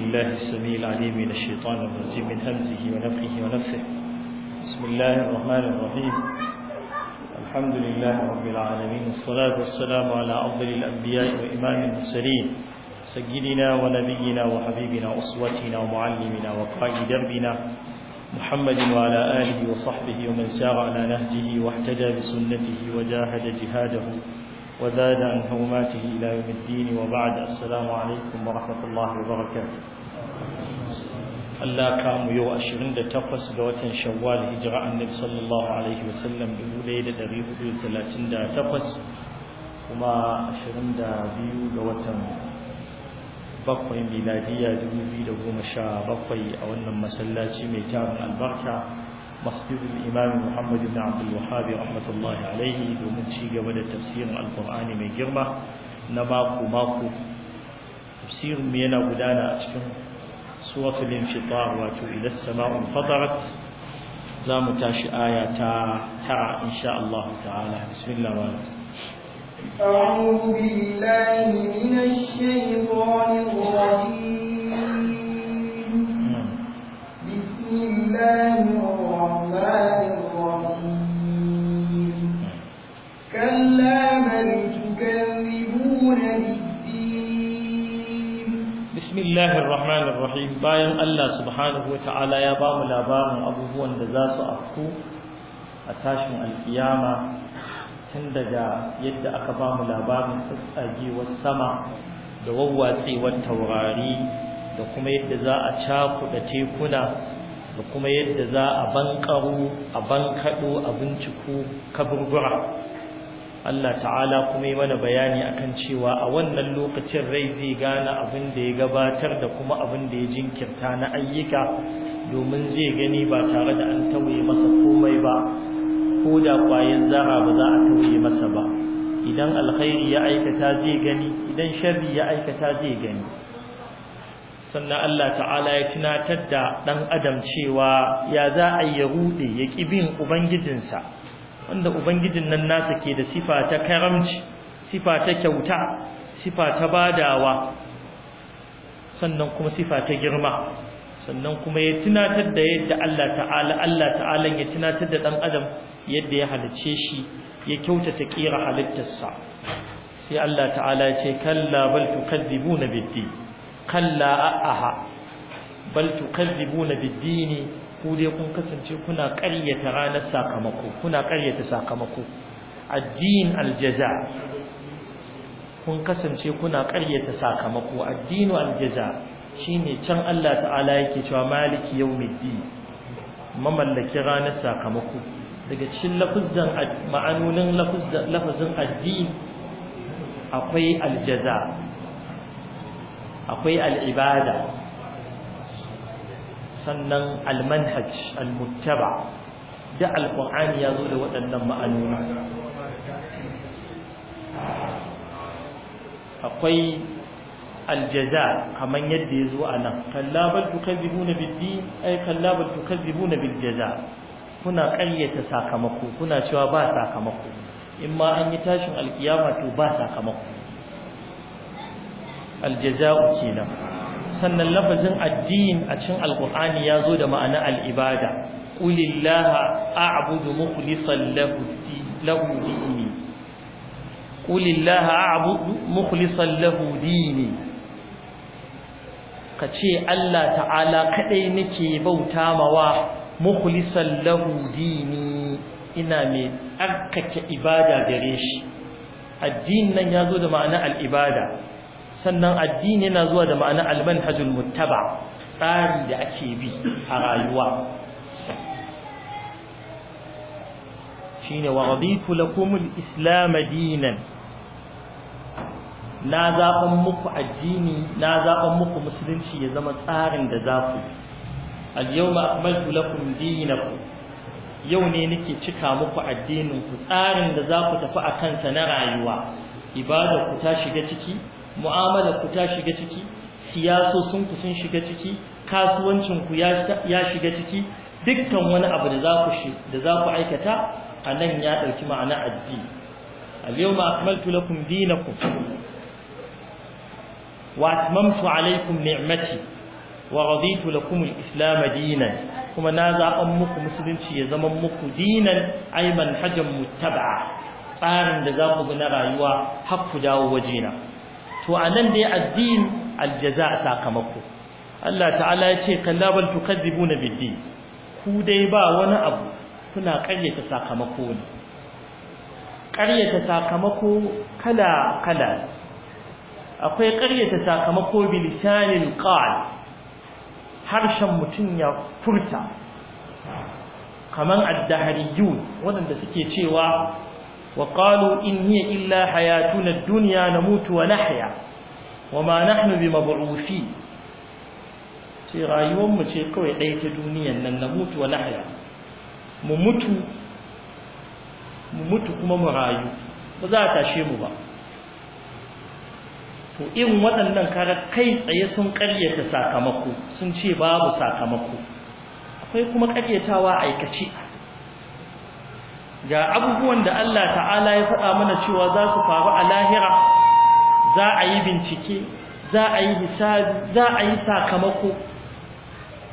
بالله السميع العليم من الشيطان الرجيم من همزه ونفخه ونفخه بسم الله الرحمن الرحيم الحمد لله رب العالمين والصلاة والسلام على أفضل الأنبياء وإمام المرسلين سيدنا ونبينا وحبيبنا أسوتنا ومعلمنا وقائد دربنا محمد وعلى آله وصحبه ومن سار على نهجه واحتجى بسنته وجاهد جهاده وزاد عن هوماته إلى يوم الدين وبعد السلام عليكم ورحمة الله وبركاته Allah ka mu yau takwas ga watan Shawwal hijira Annabi sallallahu alaihi wasallam 1438 kuma biyu ga watan bakwai miladiya bakwai a wannan masallaci mai tarin albarka مسجد الإمام محمد بن عبد الوهاب رحمة الله عليه domin ci gaba da tafsirin alkur'ani mai girma na mako mako tafsirin mu yana gudana a cikin suratul infitar wato ila sama'u fatarat za mu tashi aya ta tara insha Allah ta'ala bismillah أعوذ بالله من الشيطان الرجيم بسم الله الرحمن الرحيم كلا بل ta'ala ya بسم الله الرحمن abubuwan da za su afku a tashin alkiyama tun daga yadda aka ba mu labarin tsatsagewar sama da wawwatsewar taurari da kuma yadda za a cakuɗa tekuna da kuma yadda za a bankaru a bankaɗo a binciko kaburbura Allah ta'ala kuma yi mana bayani akan cewa a wannan lokacin rai zai gane abin da ya gabatar da kuma abin da ya jinkirta na ayyuka domin zai gani ba tare da an tauye masa komai ba ko da kwayan zara ba za a tauye masa ba idan alkhairi ya aikata zai gani idan sharri ya aikata zai gani sannan Allah ta'ala ya tunatar da ɗan adam cewa ya za a ya rude ya ƙi bin ubangijinsa wanda ubangijin nan nasa ke da sifa ta karamci sifa ta kyauta sifa ta badawa sannan kuma sifa ta girma sannan kuma ya tunatar da yadda Allah ta'ala Allah ta'ala ya tunatar da ɗan adam yadda ya halice shi ya kyautata ƙira halittarsa sai Allah ta'ala ya ce kalla bal tukadzibuna bid-din kalla a'aha bal tukadzibuna bid-dini ku dai kun kasance kuna ƙaryata ranar sakamako kuna ƙaryata sakamako addin aljaza kun kasance kuna ƙaryata sakamako addinu aljaza shine can Allah ta'ala yake cewa maliki yawmiddin mamallaki ranar sakamako daga cikin lafuzan, ma'anonin lafuzan addin akwai aljaza akwai al'ibada sannan al-manhaj, al muttaba da alqur'ani ya zo da waɗannan ma'anoni akwai aljaza kamar yadda ya zo a nan kallabal tukadzibuna ay kallabal kuna ƙaryata sakamako kuna cewa ba sakamako in ma an yi tashin alkiyama to ba sakamako aljaza'u kenan sannan lafazin addin a cikin alqur'ani ya zo da ma'ana al'ibada qulillaha a'budu mukhlishan lahu dini qulillaha a'budu mukhlishan lahu dini kace Allah ta'ala kadai nake bauta mawa mukhlishan lahu dini ina mai arkake ibada gare shi addin nan ya zo da ma'ana al'ibada sannan addini yana zuwa da ma'ana almanhajul muttaba tsari da ake bi a rayuwa shine wa raditu lakum alislam dinan na zaban muku addini na zaban muku musulunci ya zama tsarin da za ku al-yawma akmaltu lakum dinakum yau ne nake cika muku addinin ku tsarin da za ku tafi a kansa na rayuwa ibada ku ta shiga ciki mu'amalar ku ta shiga ciki siyasosin ku sun shiga ciki kasuwancin ku ya shiga ciki dukkan wani abu da za ku aikata a nan ya ɗauki ma'ana addini al-yawma akmaltu lakum dinakum wa atmamtu alaykum ni'mati wa raditu lakum al-islam dinan kuma na zaɓan muku musulunci ya zama muku dinan ay manhajan muttaba'a tsarin da za ku bi na rayuwa har ku dawo wajena to anan dai addin aljaza sakamako Allah ta'ala ya ce kallabal tukadzibuna biddi ku dai ba wani abu kuna karyata sakamako ne karyata sakamako kala kala akwai ƙaryata sakamako bilisanil qal harshen mutun ya furta kaman addahariyun waɗanda suke cewa وقالوا إن هي إلا حياتنا الدنيا نموت ونحيا وما نحن بمبعوثين sai rayuwarmu ce kawai ɗaya ta duniyan nan na mutu wa lahaya mu mutu kuma mu rayu ba za a tashe mu ba to irin waɗannan kara kai tsaye sun ƙaryata sakamako sun ce babu sakamako akwai kuma ƙaryatawa aikace ga abubuwan da Allah ta'ala ya faɗa mana cewa za su faru a lahira za a yi bincike za a yi hisabi za a yi sakamako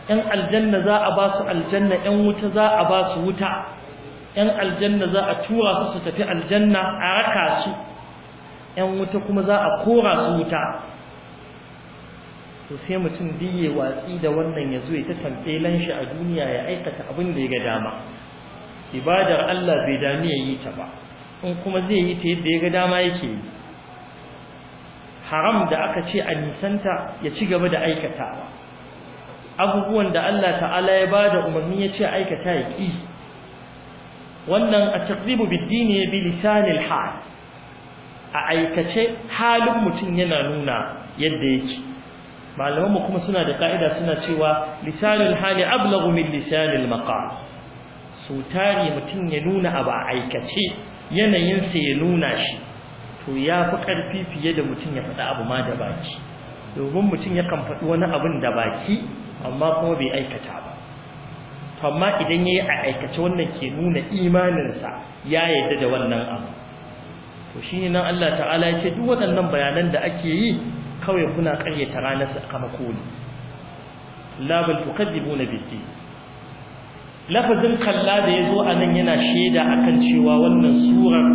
‘yan aljanna za a ba su aljanna ‘yan wuta za a ba su wuta ‘yan aljanna za a tura su su tafi aljanna a raka su ‘yan wuta kuma za a kora su wuta to sai mutum biye watsi da wannan ya zo ya ta tamfelan a duniya ya aikata abin da ya ga dama ibadar Allah bai dami ya yi ta ba in kuma zai yi ta yadda ya ga dama yake yi haram da aka ce a nisanta ya ci gaba da aikatawa abubuwan da Allah ta'ala ya ba da umarni ya ce aikata ya ƙi wannan a taqribu biddini bi lisanil hal a aikace halin mutum yana nuna yadda yake malaman mu kuma suna da ka'ida suna cewa lisanil hali ablagu min lisanil maqal so tari mutum ya nuna abu a aikace yanayinsa ya nuna shi to ya fi ƙarfi fiye da mutum ya faɗa abu ma da baki domin mutum yakan faɗi wani abin da baki amma kuma bai aikata ba amma idan ya yi a aikace wannan ke nuna imaninsa ya yarda da wannan abu to shi ne nan Allah ta'ala ya ce duk waɗannan bayanan da ake yi kawai kuna ƙaryata ranar sakamako ne la bal tukadzibuna bid-din lafazin kalla da ya zo a nan yana shaida akan cewa wannan surar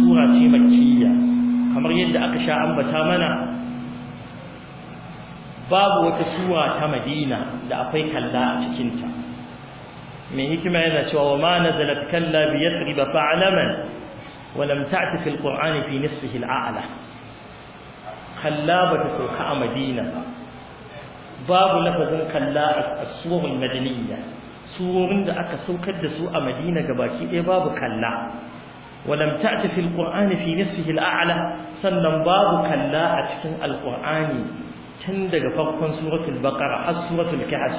sura ce makiyya kamar yadda aka sha ambata mana babu wata sura ta madina da akwai kalla a cikinta mai hikima yana cewa wa ma nazalat kalla bi yathrib fa'laman wa lam ta'ti fil qur'ani fi nisfihi al'ala kalla bata sauka a madina ba babu lafazin kalla a surar madaniyya surorin da aka saukar da su a madina gabaki ɗaya babu kalla walam ta'ti fil qur'ani fi nisfihi al'a'la sannan babu kalla a cikin Alƙur'ani. tun daga farkon suratul baqara har suratul kahf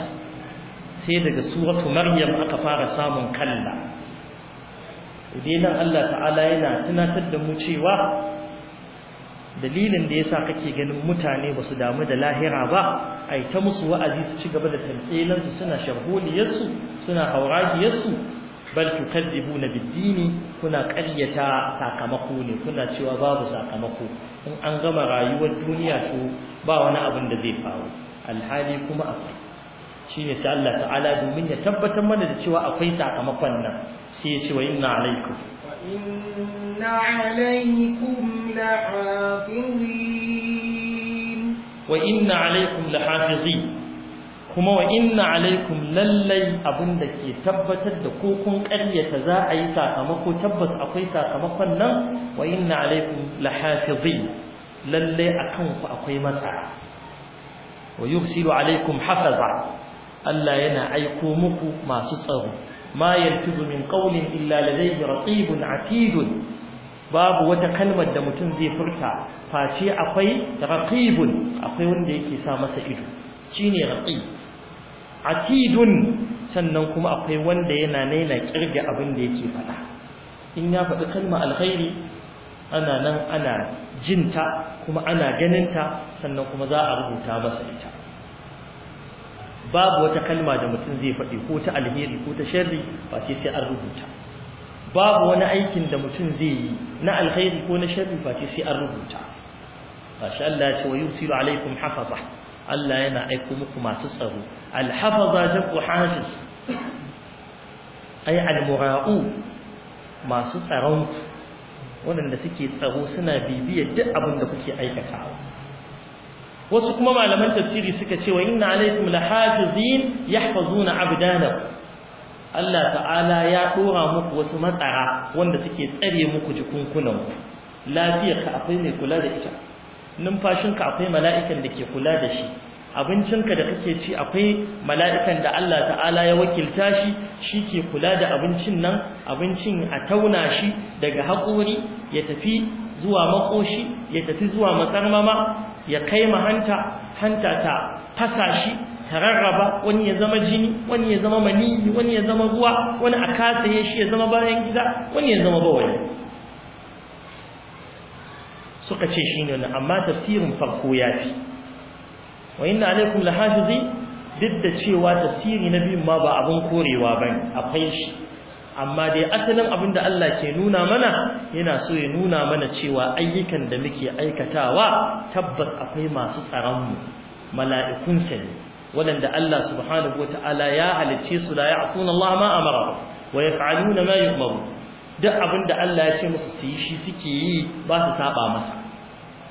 sai daga suratul maryam aka fara samun kalla idan Allah ta'ala yana tunatar da mu cewa dalilin da yasa kake ganin mutane basu damu da lahira ba ai ta musu wa'azi su ci gaba da tantsilan su suna sharholiyar su suna hauragiyar su bal tukadibuna bid-dini kuna qaryata sakamako ne kuna cewa babu sakamako in an gama rayuwar duniya to ba wani abin da zai faru alhali kuma akwai shine sai Allah ta'ala domin ya tabbatar mana da cewa akwai sakamakon nan sai ya ce wa inna alaikum إن عليكم لحافظين وإن عليكم لحافظين kuma wa inna alaikum lallai abin da ke tabbatar da ko kun ƙaryata za a yi sakamako tabbas akwai sakamakon nan wa inna alaikum lahafizin lallai akan ku akwai matsara wa yursilu alaikum hafaza Allah yana aiko muku masu tsaro ma yalfizu min qawlin illa ladayhi raqibun babu wata kalmar da mutum zai furta face akwai raqibun akwai wanda yake sa masa ido shine raqib atidun sannan kuma akwai wanda yana naina kirga abin da yake faɗa in ya faɗi kalma alkhairi ana nan ana jinta kuma ana ganinta sannan kuma za a rubuta masa ita babu wata kalma da mutum zai faɗi ko ta alheri ko ta sharri ba sai sai an rubuta babu wani aikin da mutum zai yi na alheri ko na sharri ba sai sai an rubuta masha Allah ya ce wa yusiru alaikum hafaza Allah yana aiko muku masu tsaro alhafaza jabu hafiz Ai almura'u masu tsaron waɗanda suke tsaro suna bibiyar duk abin da kuke aikatawa wasu kuma malaman tafsiri suka ce wa inna alaikum lahafizin yahfazuna abdanakum Allah ta'ala ya dora muku wasu matsara wanda suke tsare muku jikunkunanku lafiyarka akwai mai kula da ita numfashinka akwai mala'ikan da ke kula da shi abincinka da kake ci akwai mala'ikan da Allah ta'ala ya wakilta shi shi ke kula da abincin nan abincin a tauna shi daga haƙori ya tafi zuwa makoshi ya tafi zuwa makarmama. ya kai ma hanta hanta ta fasa shi ta rarraba wani ya zama jini wani ya zama maniyi wani ya zama ruwa wani a kasa ya shi ya zama bayan gida wani ya zama bawani suka ce shi ne amma tafsirin farko ya fi wa inna alaikum lahafizi duk da cewa tafsiri na biyun ma ba abin korewa bane akwai shi amma dai asalin abin da Allah ke nuna mana yana so ya nuna mana cewa ayyukan da muke aikatawa tabbas akwai masu tsaronmu mala'ikunsa ne waɗanda Allah subhanahu ta'ala ya halicce su la ya'tuna Allah ma amara wa yaf'aluna ma yu'maru duk abin da Allah ya ce musu su yi shi suke yi ba su saba masa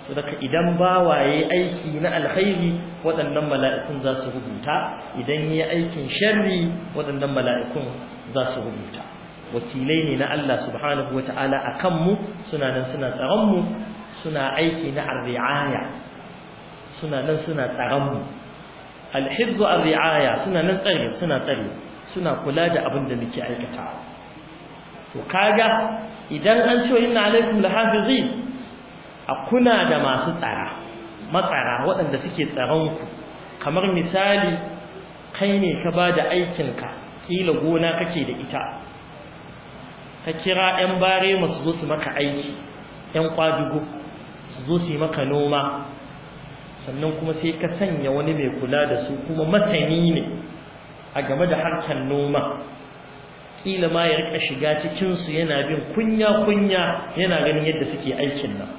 so daga idan bawaye aiki na alkhairi waɗannan mala'ikun za su rubuta idan yi aikin sharri waɗannan mala'ikun za su rubuta wakilai ne na Allah subhanahu wata'ala a kanmu suna nan suna tsaronmu suna aiki na arri'aya suna nan suna tsaronmu alhibzu arri'aya suna nan tsare suna tsare suna kula da abin da muke aikata. to kaga idan an ce inna alaikum lahafizin a kuna da masu tsara matsara waɗanda suke tsaron ku kamar misali kai ne ka ba da aikinka ƙila gona kake da ita ka kira 'yan bare masu zo su maka aiki 'yan kwadugo su zo su yi maka noma sannan kuma sai ka sanya wani mai kula da su kuma masani ne a game da harkar noma kila ma ya rika shiga cikinsu yana bin kunya-kunya yana ganin yadda suke aikin nan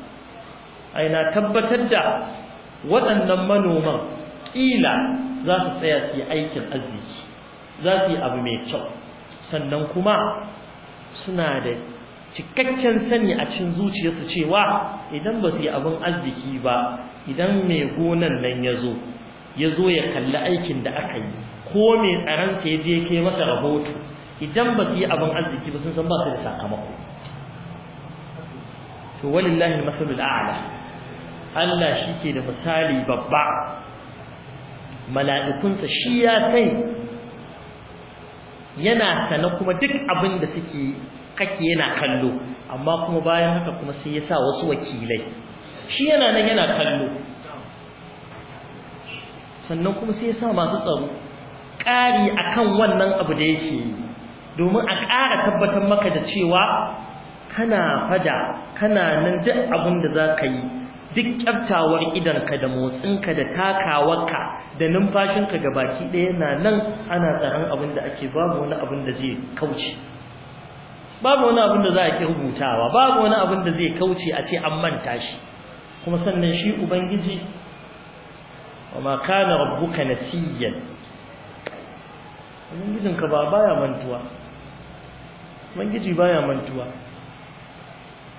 ai na tabbatar da waɗannan manoman ƙila za su tsaya su yi aikin arziki za su yi abu mai kyau sannan kuma suna da cikakken sani a cikin zuciyarsu cewa idan ba su yi abin arziki ba idan mai gonan nan ya zo ya zo ya kalli aikin da aka yi ko mai tsaronsa ya je kai masa rahoto idan ba su yi abin arziki ba sun san ba su da sakamako to walillahi masalul a'la Allah shi ke da misali babba mala'ikunsa shi ya sai yana sana kuma duk abin da suke kake yana kallo amma kuma bayan haka kuma sai ya sa wasu wakilai shi yana nan yana kallo sannan kuma sai ya sa masu tsaro ƙari akan wannan abu da yake yi domin a ƙara tabbatar maka da cewa kana fada kana nan duk abin da za ka yi duk kyaftawar idanka da motsinka da takawarka da numfashinka ga baki ɗaya na nan ana tsaron abin da ake babu wani abin da zai kauce babu wani abin da za a ki rubutawa babu wani abin da zai kauce a ce an manta shi kuma sannan shi ubangiji wa ma kana rabbuka nasiyan ka ba baya mantuwa ubangiji baya mantuwa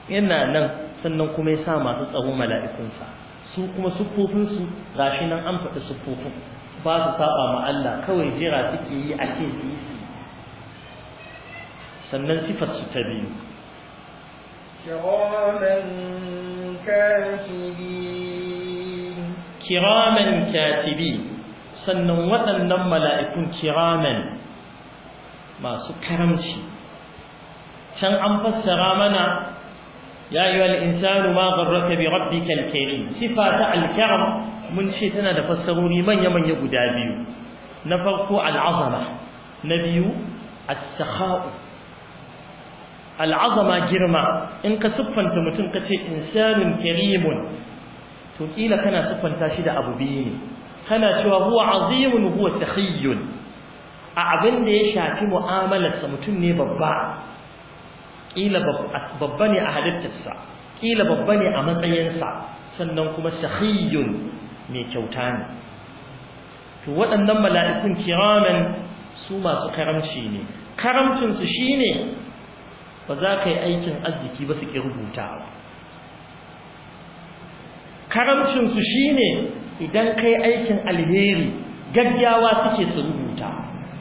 yana nan sannan kuma ya sa masu tsaro mala'ikunsa su kuma siffofinsu shi nan an faɗi siffofin ba su saba ma Allah kawai jira suke yi a ce sannan siffar su ta biyu kiraman katibi sannan waɗannan mala'ikun kiraman masu karamci can an fassara mana ya ayyuha al-insanu ma gharraka bi rabbika al-karim sifa ta al-karam mun ce tana da fassarori manya manya guda biyu na farko al-azama na biyu as-sakha'u girma in ka siffanta mutum kace insanun karimun to kila kana siffanta shi da abu biyu ne kana cewa huwa azimun huwa takhiyyun a abin da ya shafi mu'amalarsa mutum ne babba kila babba ne a halittarsa kila babba ne a matsayinsa sannan kuma shahiyun mai kyauta ne to waɗannan mala'ikun kiraman su masu karamci ne karamcinsu shi ne ba za ka yi aikin arziki ba su ƙi rubuta karamcinsu shi ne idan ka yi aikin alheri gaggawa suke su rubuta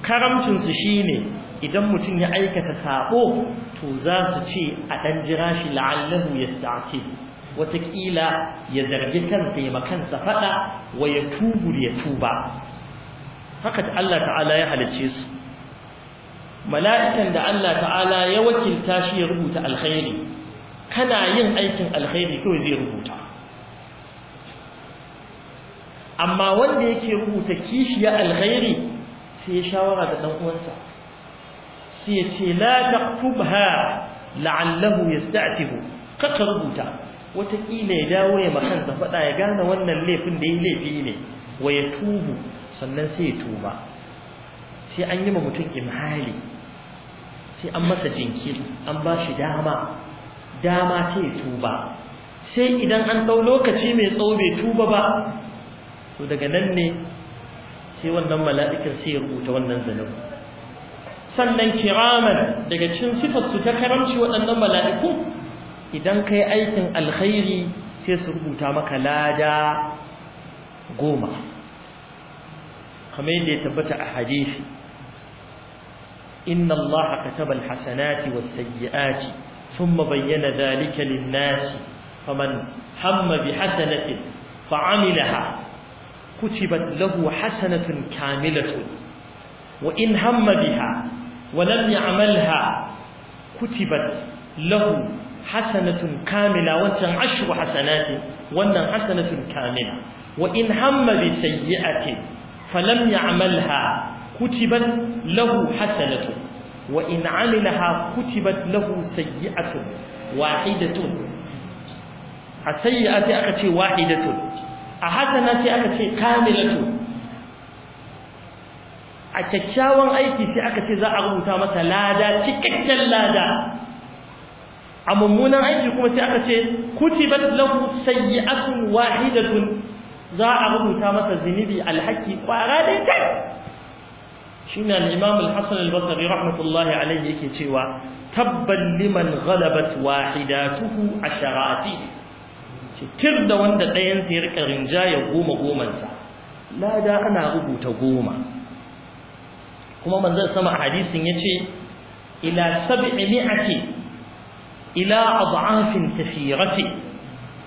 karamcinsu shi ne idan mutum ya aikata sabo to za su ce a ɗan jira shi la'allahu yasta'tib watakila ya zargi kansa ya makansa faɗa, wa ya tubu ya tuba haka Allah ta'ala ya halicce su mala'ikan da Allah ta'ala ya wakilta shi ya rubuta alkhairi kana yin aikin alkhairi kawai zai rubuta amma wanda yake rubuta kishiya alkhairi sai ya shawara da ɗan uwansa sai ya ce la taqfubha la'allahu yasta'tibu kaka rubuta wataƙila ya dawo ya da faɗa ya gane wannan laifin da ya laifi ne wa ya tubu sannan sai ya tuba sai an yi ma mutum imhali sai an masa jinkiri an ba shi dama dama sai ya tuba sai idan an ɗau lokaci mai tsawo bai tuba ba to daga nan ne sai wannan mala'ikar sai ya rubuta wannan zanubin sannan kiraman daga cikin sifarsu ta karamci waɗannan mala'iku idan kai aikin alkhairi sai su rubuta maka lada goma kamar yadda ya tabbata a hadisi inna allaha kataba alhasanati was-sayyi'ati thumma bayyana dhalika lin-nasi faman hamma bihasanatin fa'amilaha kutibat lahu hasanatun kamilatun wa in hamma biha ولم يعملها كتبت له حسنة كاملة وانتن عشر حسنات وانتن حسنة كاملة وإن هم بسيئة فلم يعملها كتبت له حسنة وإن عملها كتبت له سيئة واحدة السيئة أكتي واحدة أحسنة أكتي كاملة a kyakkyawan aiki sai aka ce za a rubuta masa lada cikakken lada a mummunan aiki kuma sai aka ce kutibat lahu sayyi'atun wahidatun za a rubuta masa zunubi alhaki kwara dai kai shine al-imam al-hasan al-basri rahmatullahi alayhi yake cewa tabban liman ghalabat wahidatuhu asharati tir da wanda ɗayan sai rika rinjaya goma gomansa lada ana rubuta goma kuma manzon sama hadisin yace ila sab'i mi'ati ila ad'afin kathirati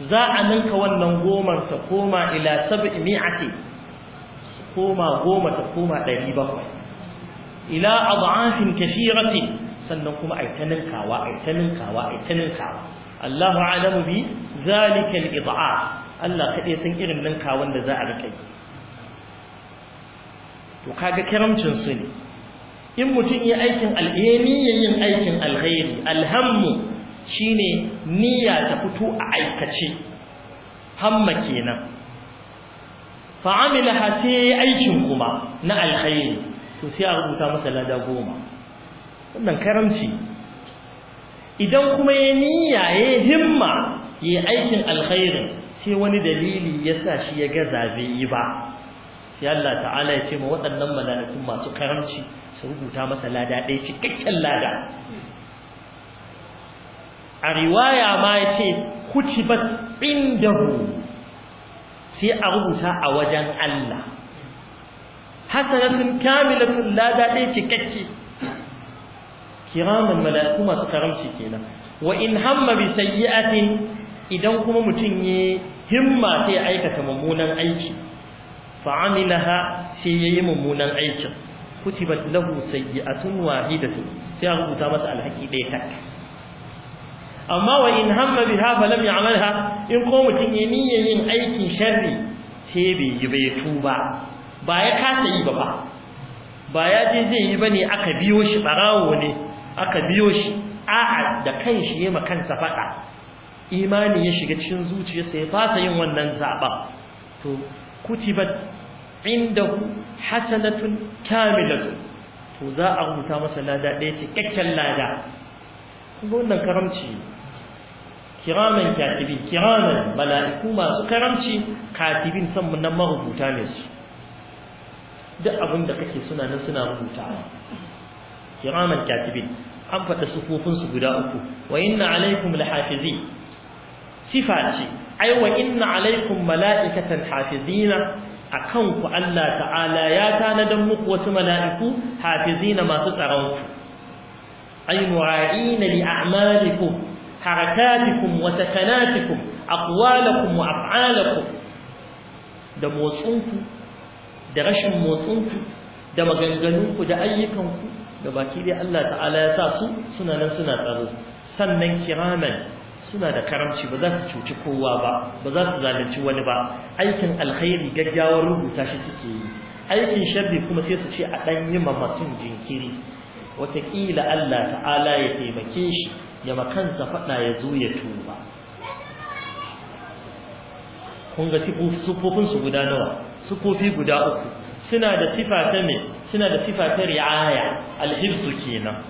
za a ninka wannan gomar ta koma ila sab'i mi'ati koma goma ta koma bakwai, ila ad'afin kathirati sannan kuma ai ta ninkawa ai ta ninkawa ai ta ninkawa Allahu a'lamu bi zalika al-id'af Allah kadai san irin ninkawan da za a rike to kaga karamcin ne in mutum ya aikin alheri yin aikin alheri alhammu shine niyya ta fito a aikace hamma kenan fa amila hasi aikin kuma na alkhairi to sai a rubuta masa lada goma wannan karamci idan kuma ya niyya ya himma ya aikin alkhairi sai wani dalili ya sa shi ya ga zabe yi ba sai Allah ta'ala ya ce ma waɗannan mala'ikun masu karamci su rubuta masa lada ɗaya cikakken lada a riwaya ma ya ce kutibat indahu sai a rubuta a wajen Allah hasanatun kamilatun lada ɗaya cikakke kiraman mala'iku masu karamci kenan wa in hamma bi sayyi'atin idan kuma mutum ya himma sai aikata mummunan aiki fa'amilaha sai yayi mummunan aikin kutibat lahu sayyi'atun wahidatun sai a rubuta masa alhaki ɗaya tak amma wa in hamma biha fa lam ya'malha in ko mutum ya niyya yin aikin sharri sai bai yi bai tuba ba ya kasa yi ba ba ba ya je zai yi ba ne aka biyo shi barawo ne aka biyo shi a'a da kanshi ya ma kansa faɗa imani ya shiga cikin zuciyarsa ya fasa yin wannan zaɓen to kutibat indahu hasanatun kamilatun to za a rubuta masa lada ɗaya cikakken lada kuma wannan karamci kiraman katibin kiraman mala'iku masu karamci katibin san nan marubuta ne su duk abin da kake suna nan suna rubuta kiraman katibin an faɗa sufofin guda uku wa inna alaikum lahafizi sifa ce ai wa inna alaikum mala'ikatan hafizina a kanku Allah ta'ala ya tanadan muku wasu mala'iku hafizina masu tsaron ku ay mu'aina li a'malikum harakatikum wa sakanatikum aqwalakum wa af'alakum da motsinku da rashin motsinku da maganganunku da ayyukanku da baki dai Allah ta'ala ya sa su suna nan suna tsaro sannan kiraman suna da karamci ba za su cuci kowa ba ba za su zalunci wani ba aikin alkhairi gaggawar rubuta shi suke yi aikin sharri kuma sai su ce a dan yi ma mutum jinkiri wataƙila Allah ta'ala ya taimake shi ya ta faɗa ya zo ya tuba kun ga sufofin su guda nawa sufofi guda uku suna da sifa ta me suna da sifa ta ri'aya alhibsu kenan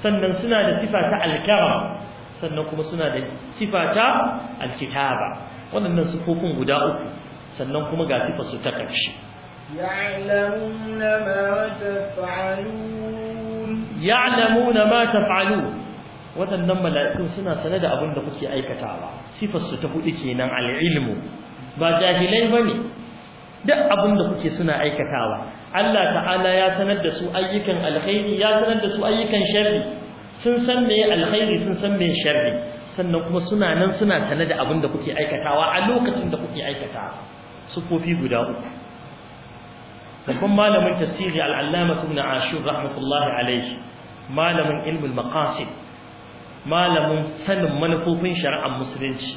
sannan suna da sifa ta alkaram sannan kuma suna da sifata alkitaba Wannan waɗannan sifofin guda uku sannan kuma ga sifa su ta ƙarshe ya'lamuna ma taf'alun waɗannan mala'ikun suna sane da abin da kuke aikatawa sifar su ta hudu kenan al'ilmu ba jahilai bane duk abin da kuke suna aikatawa Allah ta'ala ya sanar da su ayyukan alkhairi ya sanar da su ayyukan sharri sun san me alkhairi sun san me sharri sannan kuma suna nan suna sane da abin da kuke aikatawa a lokacin da kuke aikatawa sufofi guda uku babban malamin tafsiri al-allama ibn ashur rahmatullahi alayhi malamin ilmin maqasid malamin sanin manufofin shari'ar musulunci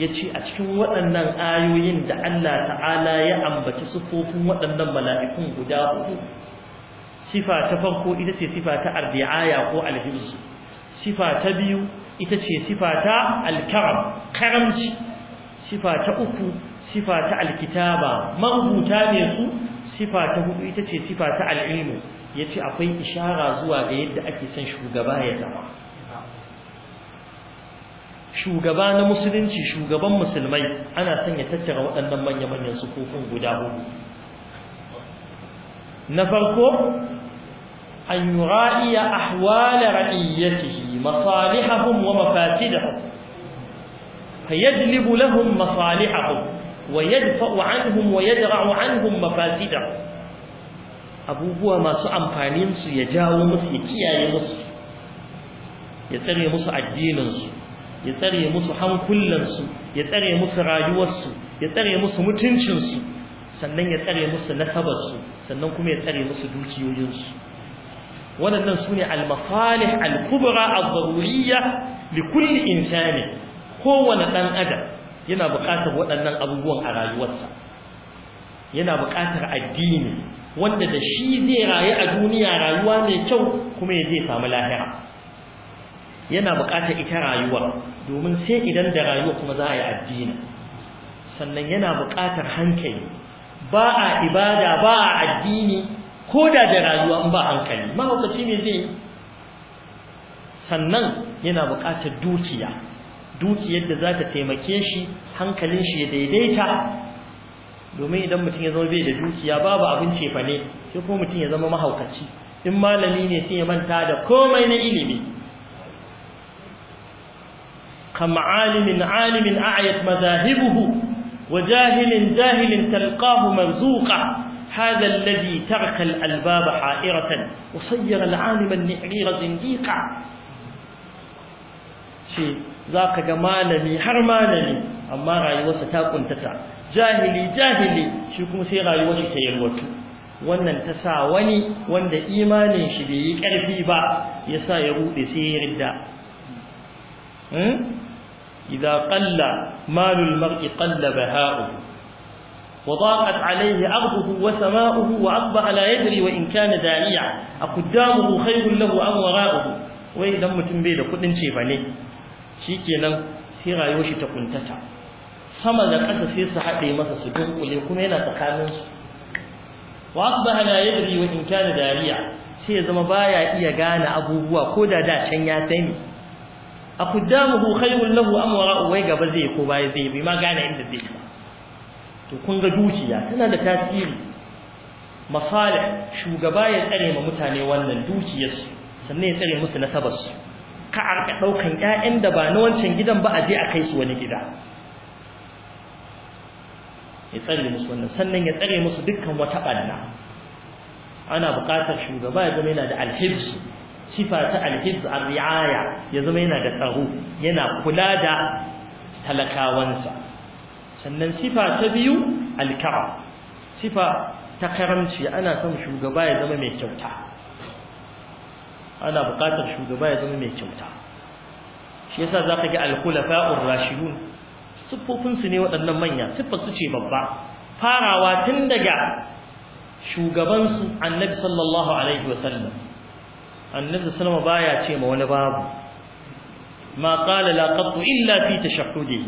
yace a cikin waɗannan ayoyin da Allah ta'ala ya ambaci sufofin waɗannan mala'ikun guda uku sifa ta farko ita ce sifa ta ko alhibz sifa ta biyu ita ce sifa ta alkaram karamci sifa ta uku sifa ta alkitaba marubuta ne su sifa ta hudu ita ce sifa ta al'ilmu ce akwai ishara zuwa ga yadda ake son shugaba ya zama shugaba na musulunci shugaban musulmai ana son ya tattara waɗannan manya-manyan kofin guda hudu na farko an yura'iya ahwal ra'iyatihi masalihahum wa mafatidahum fayajlibu lahum masalihahum wa yadfa'u anhum wa yadra'u anhum mafatidahum abubuwa masu amfaninsu ya jawo musu ya kiyaye musu ya tsare musu addinin ya tsare musu hankulansu ya tsare musu rayuwarsu ya tsare musu mutuncinsu sannan ya tsare musu nasabarsu sannan kuma ya tsare musu dukiyoyinsu waɗannan su ne almafalih alkubra al-zaruriyya li kulli insani kowane ɗan adam yana buƙatar waɗannan abubuwan a rayuwarsa yana buƙatar addini wanda da shi zai rayu a duniya rayuwa mai kyau kuma ya zai samu lahira yana buƙatar ita rayuwar domin sai idan da rayuwa kuma za a yi addini sannan yana buƙatar hankali ba a ibada ba a addini ko da da rayuwa in ba hankali mahaukaci mai zai sannan yana bukatar dukiya dukiyar da za ta taimake shi hankalin shi ya daidaita domin idan mutum ya zama bai da dukiya babu abin cefa ne sai kuma mutum ya zama mahaukaci in malami ne sai ya manta da komai na ilimi kama alimin alimin a'ayat mazahibuhu وجاهل جاهل تلقاه مرزوقا هذا الذي ترك الألباب حائرة وصير العالم النعير زنديقا شيء ذاك جمالني حرمانني أما رأي وستاكن تتا جاهلي جاهلي شو كم سير رأي وجه تيروت wannan ta sa wani wanda imanin shi bai yi ƙarfi ba ya sa ya ruɗe sai ya ridda إذا قل مال المرء قل بهاؤه وضاقت عليه أرضه وسماؤه وأصبح لا يدري وإن كان داعيا أقدامه خير له أم وراءه وإذا متم بيده كل شيء بني شيء كنا سيرا يوشي تكنتتا sama da ƙasa sai su haɗe masa su dunkule kuma yana tsakaninsu wa asbaha la yadri wa in kana dariya sai ya zama baya iya gane abubuwa ko da da can ya aqdamuhu khairul lahu am wara'u wai gaba zai ko baya zai bai ma gane inda zai ba to kun ga dukiya tana da tasiri masalih shugaba ya tsare ma mutane wannan dukiyarsu sannan ya tsare musu nasabarsu ka arka daukan ƴaƴan da ba na wancan gidan ba a je a kai su wani gida ya tsare musu wannan sannan ya tsare musu dukkan wata ɓanna ana buƙatar shugaba ya zama yana da alhibsu sifa ta alhiz arriaya ya zama yana da tsaro yana kula da talakawansa sannan sifa ta biyu alkara sifa ta karamci ana son shugaba ya zama mai kyauta ana buƙatar shugaba ya zama mai kyauta shi yasa zaka ga al-khulafa'ur rashidun siffofin ne waɗannan manya siffar su ce babba farawa tun daga shugabansu annabi sallallahu alaihi wasallam annabi sallama baya ce ma wani babu ma qala la qattu illa fi tashahhudi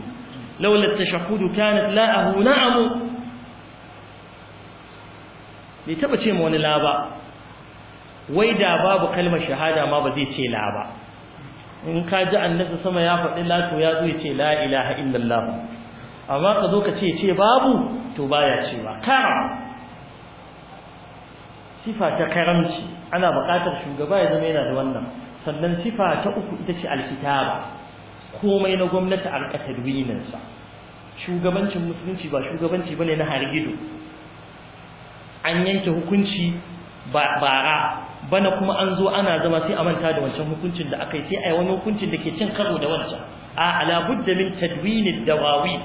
laula at-tashahhud kanat la'ahu na'am bai taba ce ma wani la ba wai da babu kalmar shahada ma ba zai ce la ba in ka ji annabi sama ya faɗi la to ya zo ya ce la ilaha illallah amma ka zo ka ce ce babu to baya cewa kara sifa ta karamci ana buƙatar shugaba ya zama yana da wannan sannan sifa ta uku ita ce alkitaba komai na gwamnati a rika shugabancin musulunci ba shugabanci bane na gido. an yanke hukunci bara bana kuma an zo ana zama sai a manta da wancan hukuncin da aka yi sai a yi wani hukuncin da ke cin karo da wancan a alabudda min tadwinin dawawi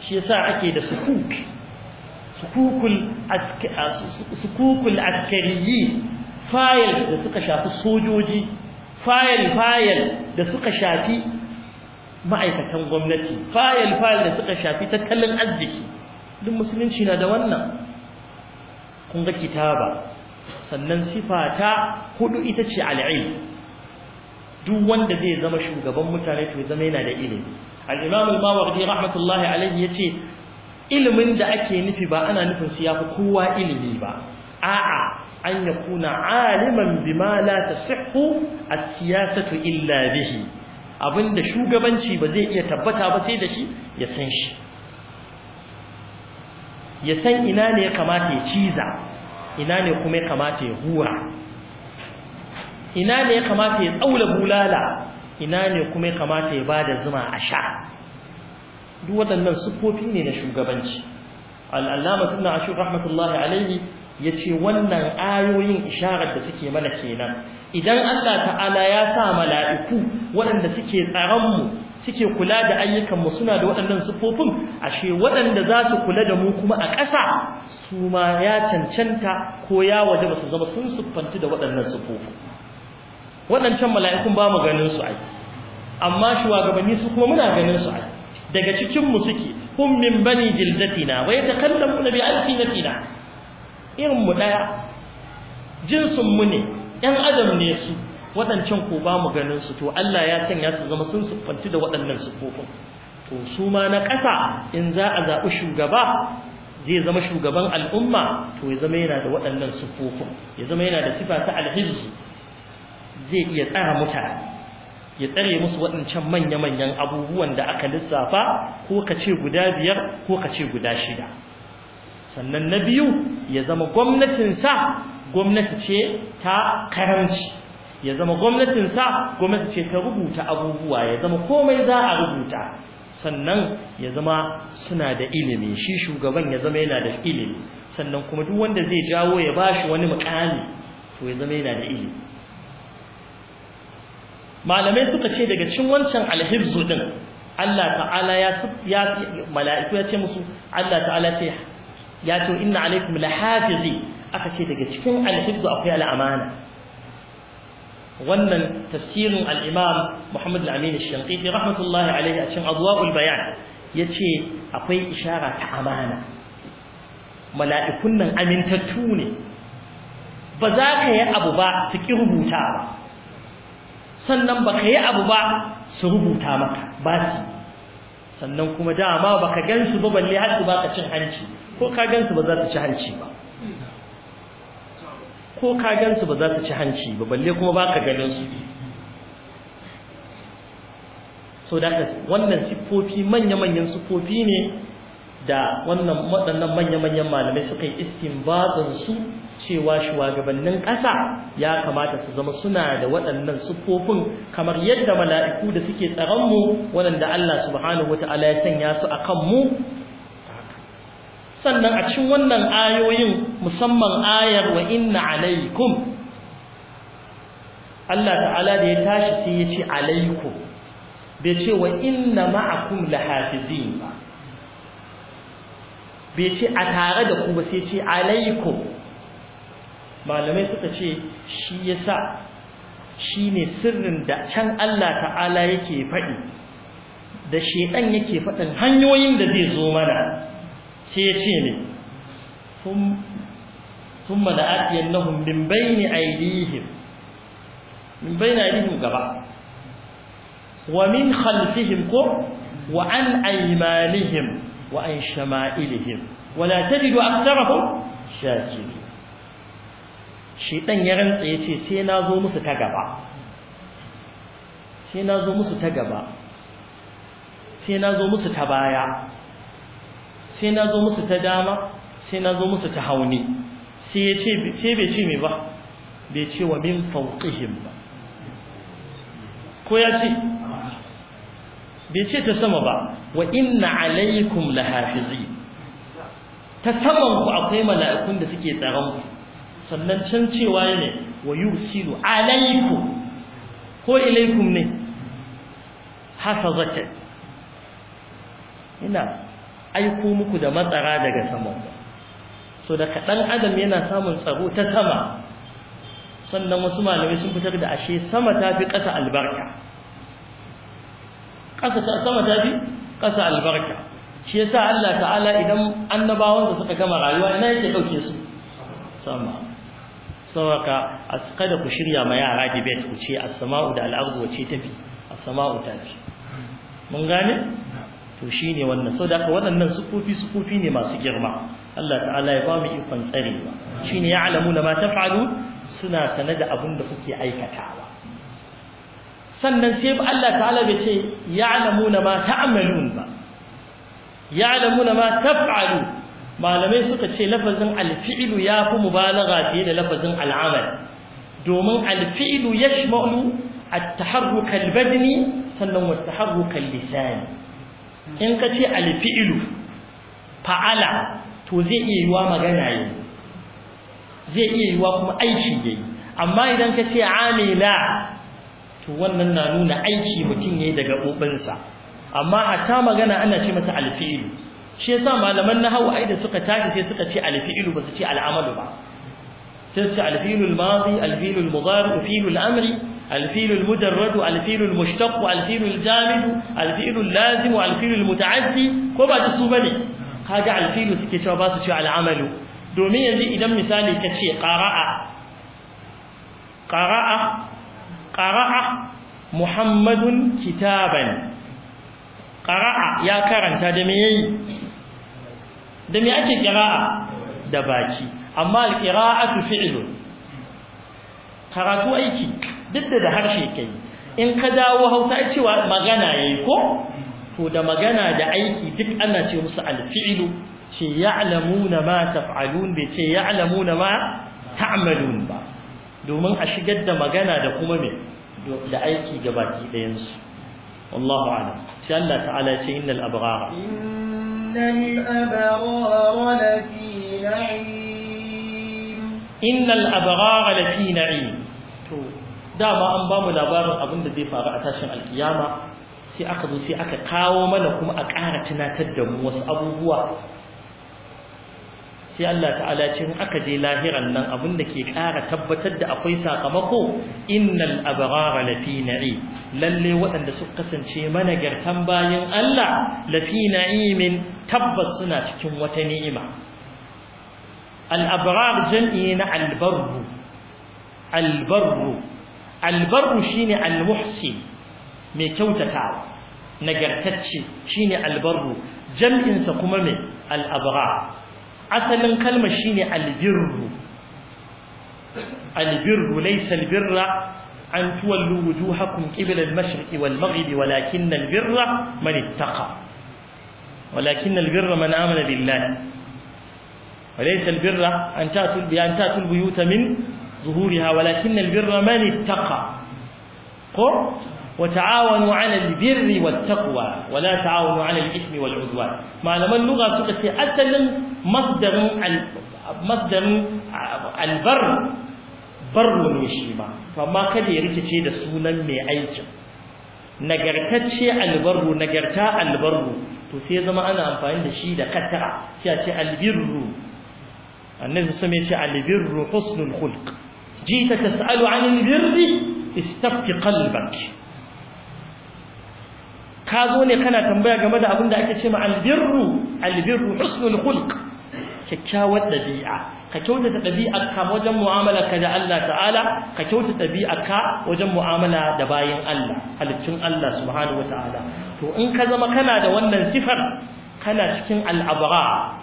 shi yasa ake da sukuk sukukul askariyi fayil da suka shafi sojoji fayil-fayil da suka shafi ma'aikatan gwamnati fayil-fayil da suka shafi tattalin arziki duk musulunci na da wannan kun ga kitaba sannan sifata huɗu hudu ita ce al'il duk wanda zai zama shugaban mutane to zama yana da ilimi al imamu al-mawardi rahmatullahi alayhi ce. ilimin da ake nufi ba ana nufin su fi kowa ilimi ba a'a an kuna aliman bima la tasihhu a siyasatu illa bihi abinda shugabanci ba zai iya tabbata ba sai da shi ya san shi ya san ina ne ya kamata ya ciza ina ne kuma ya kamata ya hura ina ne ya kamata ya tsaula bulala ina ne kuma ya kamata ya bada zuma a sha duk waɗannan siffofi ne na shugabanci al'allama suna ashir rahmatullahi alaihi ya ce wannan ayoyin isharar da suke mana kenan idan Allah ta'ala ya sa mala'iku waɗanda suke tsaronmu suke kula da ayyukanmu suna da waɗannan siffofin ashe waɗanda za su kula da mu kuma a ƙasa su ma ya cancanta ko ya waje ba su zama sun siffanci da waɗannan siffofin waɗancan mala'ikun ba mu ganin su ai amma shugabanni su kuma muna ganin su ai daga cikin mu suke hum bani jildatina wa yatakallamuna bi alsinatina irin mu daya jinsin mu ne yan adam ne su waɗancan ko ba mu ganin su to Allah ya sanya su zama sun siffanci da waɗannan siffofin to su ma na ƙasa in za a zaɓi shugaba zai zama shugaban al'umma to ya zama yana da waɗannan siffofin ya zama yana da sifa ta alhizu zai iya tsara mutane ya tsare musu waɗancan manya-manyan abubuwan da aka lissafa ko ka ce guda biyar ko ka ce guda shida sannan na biyu ya zama gwamnatinsa gwamnati ce ta karanci ya zama gwamnatinsa gwamnati ce ta rubuta abubuwa ya zama komai za a rubuta sannan ya zama suna da ilimi shi shugaban ya zama yana da ilimi sannan kuma duk wanda zai jawo ya ba shi wani mukami to ya zama yana da ilimi malamai suka ce daga cin wancan alhibzu din Allah ta'ala ya ya mala'iku ya ce musu Allah ta'ala ce ya ce inna alaikum lahafizi aka ce daga cikin alhibzu akwai al'amana wannan tafsirin al-Imam Muhammad al-Amin al-Shanqiti rahmatullahi alayhi a cikin Adwa'ul Bayan yace akwai ishara ta amana mala'ikun nan amintattu ne ba za ka yi abu ba su ki rubuta ba sannan baka yi abu ba su rubuta maka ba su sannan kuma dama baka gansu ba balle har su baka cin hanci ko ka gansu ba za su ci hanci ba ko ka gansu ba za su ci hanci ba balle kuma baka ganin su so da wannan sifofi manya-manyan sifofi ne da wannan waɗannan manya-manyan malamai suka yi istinbatin su cewa shugabannin ƙasa ya kamata su zama suna da waɗannan siffofin kamar yadda mala'iku da suke tsaronmu waɗanda Allah subhanahu wa ta'ala ya sanya su a kanmu sannan a cikin wannan ayoyin musamman ayar wa inna alaikum Allah ta'ala da ya tashi sai ya ce alaikum bai ce wa inna ma'akum lahafizin ba bai ce a tare da ku ba sai ce alaikum malamai suka ce shi yasa shi ne sirrin da can Allah ta'ala yake faɗi da shaiɗan yake faɗan hanyoyin da zai zo mana sai ya ce ne sun mala'afiyar nahun bimbai ne a ilihim bimbai gaba wa min khalfihim ko wa an aimanihim wa an shama'ilihim wa la tajidu aktarahu shakiru ɗan ya rantsa ya ce sai na zo musu ta gaba sai na zo musu ta gaba sai na zo musu ta baya sai na zo musu ta dama sai na zo musu ta hauni sai ya ce bai ce me ba bai ce wa min fauƙihim ba ko ya ce bai ce ta sama ba wa inna alaikum lahafizin ta saman ku akwai mala'ikun da suke tsaron ku sannan can cewa ne wa usiru alaikun. ko ilaikum ne hafazatan ina aiko muku da matsara daga saman so da kaɗan adam yana samun tsaro ta sama sannan wasu malamai sun fitar da ashe sama ta fi ƙasa albarka ƙasa ta sama ta fi ƙasa albarka shi yasa Allah ta'ala idan annabawan da suka gama rayuwa ina yake ɗauke su sama saboda kada ku shirya ma yara debate ku ce as-sama'u da al-ardu wace tafi as-sama'u tafi mun gane to shine wannan saboda waɗannan sufufi sufufi ne masu girma Allah ta'ala ya ba mu ikon tsarewa shine ya'lamuna ma taf'alu suna sane da abin da suke aikatawa sannan sai Allah ta'ala bai ce ya ya'lamuna ma ta'malun ba ya'lamuna ma taf'alu malamai suka ce lafazin alfi'ilu ya fi mubalaga fiye da lafazin al'amal domin alfi'ilu ya ma'ulu a taharrukal kalbadini sannan wa taharrukal lisani in ka ce alfi'ilu fa'ala to zai iya yiwa magana yi zai iya yiwa kuma aiki yi amma idan ka ce amila to wannan na nuna aiki mutum ne daga ƙoƙinsa amma a ta magana ana ce mata alfi'ilu shi yasa malaman nahwu ai da suka tashi sai suka ce alfi'lu ba su ce al'amalu ba sai su ce alfi'lu al-madi alfi'lu al-mudari fi'lu al-amri alfi'lu al-mujarrad alfi'lu al-mushtaq alfi'lu al-jamid alfi'lu al-lazim alfi'lu al-muta'addi ko ba su bane kaga alfi'lu suke cewa ba su ce al'amalu domin yanzu idan misali ka ce qara'a qara'a qara'a muhammadun kitaban qara'a ya karanta da me yayi da me ake qira'a da baki amma al-qira'atu fi'lu karatu aiki duk da harshe kai in ka dawo Hausa ai cewa magana yayi ko to da magana da aiki duk ana ce musu al-fi'lu ce ya'lamuna ma taf'alun bai ce ya'lamuna ma ta'malun ba domin a shigar da magana da kuma me da aiki gabaki ɗayansu wallahu a'lam sai Allah ta'ala ya ce innal abrara innal abrara lafi na'im innal abrara lafi na'im to dama an bamu labarin abin da zai faru a tashin alkiyama sai aka zo sai aka kawo mana kuma a ƙara tunatar da mu wasu abubuwa sai Allah ta'ala ce in aka je lahiran nan abin da ke ƙara tabbatar da akwai sakamako innal abrara lafi na'i lalle waɗanda suka kasance managartan bayan Allah lafi na'imin tabbas suna cikin wata ni'ima al abrar jam'i na albarru albarru albarru shine al muhsin mai kyautatawa nagartacce shine albarru jam'insa kuma mai al abrar asalin kalmar shine albirru albirru laysa albirra an tuwallu wujuhakum qibla al-mashriq wal maghrib walakin albirra man ittaqa walakin albirra man amana billahi وليس البر أن تأتوا أن تأتوا البيوت من ظهورها ولكن البر من اتقى وتعاونوا على البر والتقوى ولا تعاونوا على الاثم والعدوان ما لما اللغه تقصي اصلا مصدر مصدر البر بر وشيما فما كد يرتشي ده سنن مي ايجا نغرتشي البر نجرتا البر تو سي انا امفاني ده شي ده كترا سي البر النبي صلى الله عليه حسن الخلق جيت تسال عن البر استبق قلبك ka zo ne kana tambaya game da abin da ake ce ma albirru albirru husnul khulq kyakkyawar dabi'a ka kyautata dabi'ar ka wajen mu'amala ka da Allah ta'ala ka kyautata dabi'ar ka wajen mu'amala da bayin Allah halittun Allah subhanahu wata'ala to in ka zama kana da wannan sifar kana cikin al'abra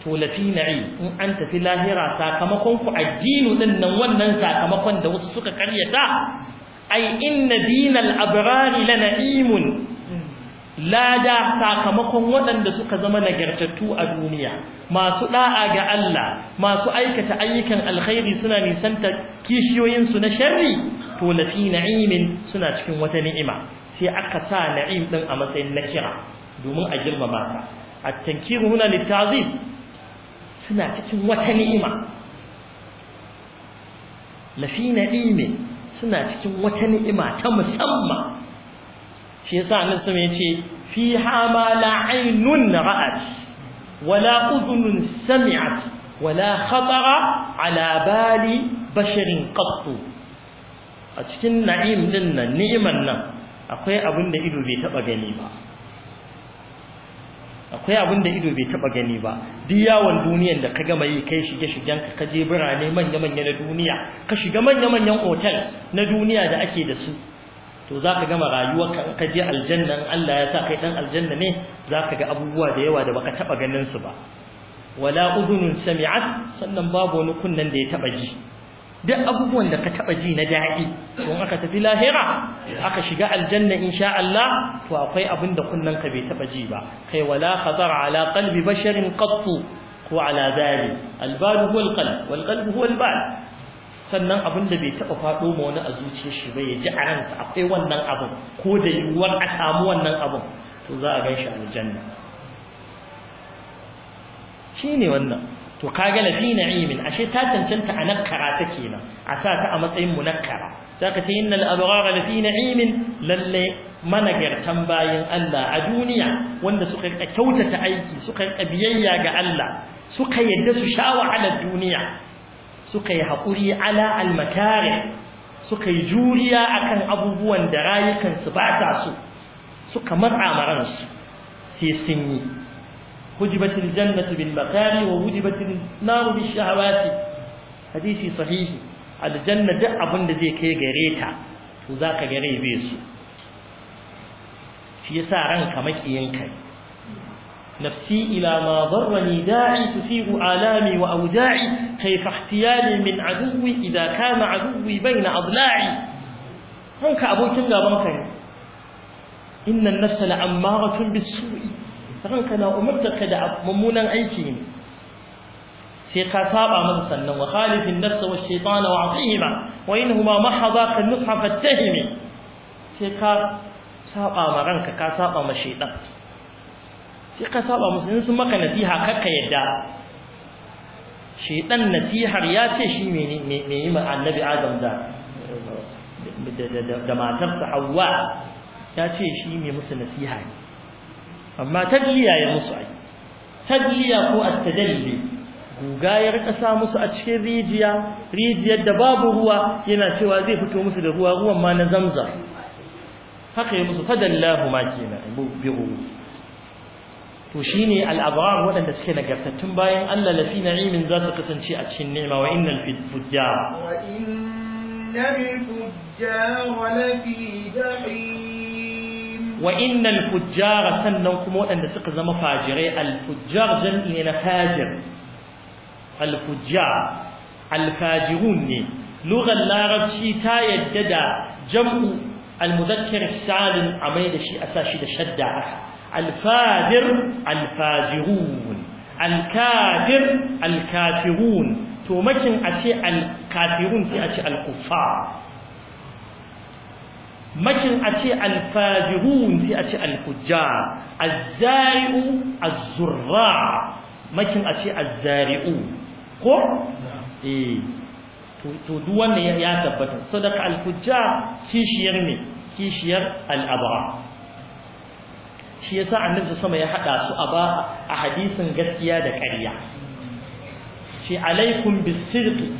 to lafi na'i in an tafi lahira sakamakon ku addinu din nan wannan sakamakon da wasu suka karyata ai inna dinal abrari lana'imun lada sakamakon waɗanda suka zama nagartattu a duniya masu da'a ga Allah masu aikata ayyukan alkhairi suna nisanta kishiyoyinsu na sharri to lafi na'imin suna cikin wata ni'ima sai aka sa na'im din a matsayin na kira domin a girmama ta at-tankiru huna litazim suna cikin wata ni'ima lafi na'imin suna cikin wata ni'ima ta musamman shi yasa annabi ce yace fiha ma la aynun ra'at wala udhunun sami'at wala khatara ala bali basharin qattu a cikin na'im din nan ni'iman nan akwai abin da ido bai taba gani ba akwai abin da ido bai taba gani ba duk yawon duniyan da ka gama yi kai shige shigen ka kaje birane manya manya na duniya ka shiga manya manyan hotels na duniya da ake da su to zaka gama rayuwar ka je aljanna in Allah ya sa kai dan aljanna ne zaka ga abubuwa da yawa da baka taba ganin su ba wala udhunun sami'at sannan babu wani kunnan da ya taba ji duk abubuwan da ka taba ji na daɗi don aka tafi lahira aka shiga aljanna insha Allah to akwai abin da kunnan ka bai taba ji ba kai wala khatar ala qalbi basharin qattu ko ala dali albal huwa alqalb wal huwa albal sannan abin da bai taba fado ma wani a zuciyar shi ba yaji ji a ransa akwai wannan abin ko da yiwuwar a samu wannan abin to za a gan shi aljanna shine wannan to kaga lafi na'imin ashe ta cancanta a nakara ta kenan a sa ta a matsayin munakkara zaka ce innal abrara lafi na'imin lalle managartan bayan Allah a duniya wanda suka kyautata aiki suka biyayya ga Allah suka yadda su sha wahalar duniya suka yi haƙuri ala almakare suka yi juriya akan abubuwan da rayukansu ba ta so suka matsa maransu sai sun yi wujibat aljannatu bil baqari wa wujibat an-naru bil shahawati hadisi sahihi aljanna da abinda zai kai gare ta to zaka gare be su shi yasa ranka makiyin kai nafsi ila ma darrani da'i tusihu alami wa awda'i kayfa ihtiyali min aduwwi idha kana aduwwi bayna adla'i ranka abokin gaban kai inna an-nafsa la'ammaratun bis su'i ranka na umartarka da mummunan aiki ne sai ka saba masa sannan wa khalifin nafsa wa shaytana wa atihima wa inhuma mahadha kan nusha fattahimi sai ka saba ma ranka ka saba ma shaytan sai ka saba musu in sun maka nasiha kakka yadda shaytan nasihar ya ce shi me me yi ma annabi adam da da matarsa Hawwa ya ce shi me musu nasiha ne amma tadliya ya musu ai tadliya ko at-tadalli gugayar ƙasa musu a cikin rijiya rijiyar da babu ruwa yana cewa zai fito musu da ruwa ruwan ma na zamzam haka ya musu fadallahu ma kenan bi ruwa to shine al-abrar wadanda suke nagartattun bayan Allah lafi na'imin za su kasance a cikin ni'ima wa innal fujjar wa innal fujjar lafi jahim wa innal fujjara sannan kuma waɗanda suka zama fajirai al-fujjar jam'i ne na fajir al-fujjar al-fajirun ne lugar larabci ta yadda da jam'u al-muzakkar salim a mai da shi a sashi da shadda haka al-fajir al-fajirun al-kafir al-kafirun to makin a ce al-kafirun sai a ce al-kuffar makin a ce alfajirun sai a ce alfujjar azzari'u azzurra makin a ce azzari'u ko eh to duk ya tabbata sadaka alfujjar kishiyar ne kishiyar al'abara shi yasa annabi sama ya hada su a ba a hadisin gaskiya da ƙarya shi alaikum bisirqi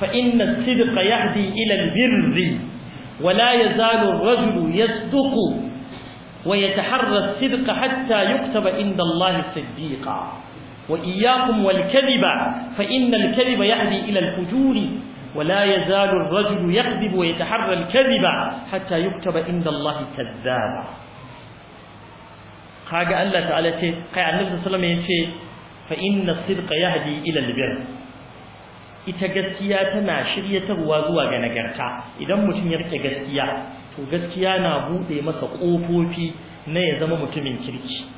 fa inna as-sidqa yahdi ila birri ولا يزال الرجل يصدق ويتحرى الصدق حتى يكتب عند الله صديقا وإياكم والكذب فإن الكذب يهدي إلى الفجور ولا يزال الرجل يكذب ويتحرى الكذب حتى يكتب عند الله كذابا قال الله تعالى شيء قال النبي صلى الله عليه وسلم فان الصدق يهدي الى البر ita gaskiya tana shiryatarwa zuwa ga nagarta idan mutum ya rike gaskiya to gaskiya na bude masa kofofi na ya zama mutumin kirki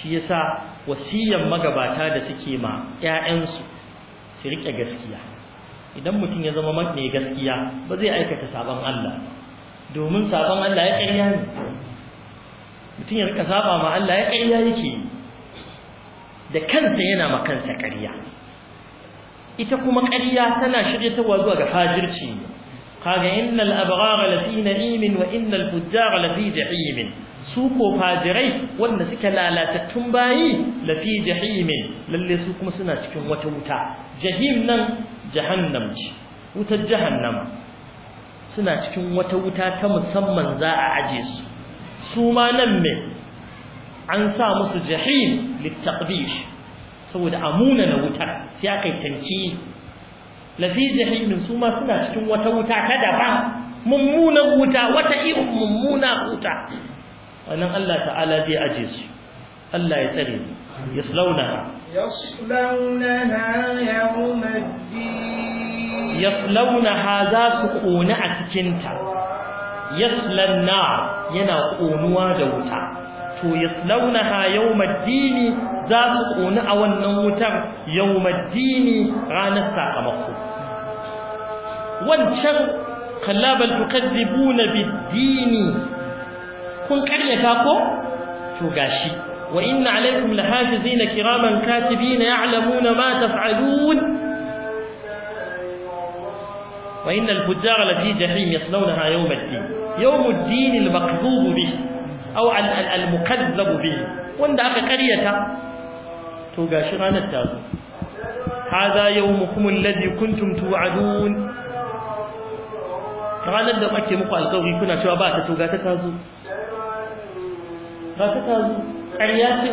shi yasa wasiyan magabata da suke ma ƴaƴansu su rike gaskiya idan mutum ya zama mai gaskiya ba zai aikata sabon Allah domin sabon Allah ya ƙarya ne mutum ya rika saba ma Allah ya ƙarya yake da kansa yana ma kansa ƙarya ita kuma ƙarya tana shiryatarwa zuwa ga fajirci kaga innal abrara lafi na'imin wa innal fujjara lafi jahimin su ko fajirai wanda suke lalatattun bayi lafi jahimin lalle su kuma suna cikin wata wuta jahim nan jahannam ce wutar suna cikin wata wuta ta musamman za a aje su su ma nan me an sa musu jahim littaqbish saboda amuna na wutar sai aka yi tanki lafi jahimin su ma suna cikin wata wuta ta daban mummunan wuta wata irin mummuna wuta wannan Allah ta'ala zai aje su Allah ya tsare yaslaunaha yaslaunaha yawmal din yaslaunaha za su ƙone a cikinta. ta yaslanna yana ƙonuwa da wuta to yaslaunaha yau din za su ƙoni a wannan wutar yau majini ranar sakamako wancan kallabal tukaddibu na biddini kun karyata ko to gashi wa inna alaikum lahafizina kiraman katibina ya'lamuna ma taf'alun wa inna al-fujjara lafi jahim yaslawnaha yawm ad-din yawm ad-din al-maqdhub bih aw al-mukazzab bih wanda aka karyata to gashi ranar ta zo hadha yawmukum alladhi kuntum tu'adun ranar da ake muku alƙawari kuna cewa ba ta toga ta ta zo ga ta ta zo ƙarya ce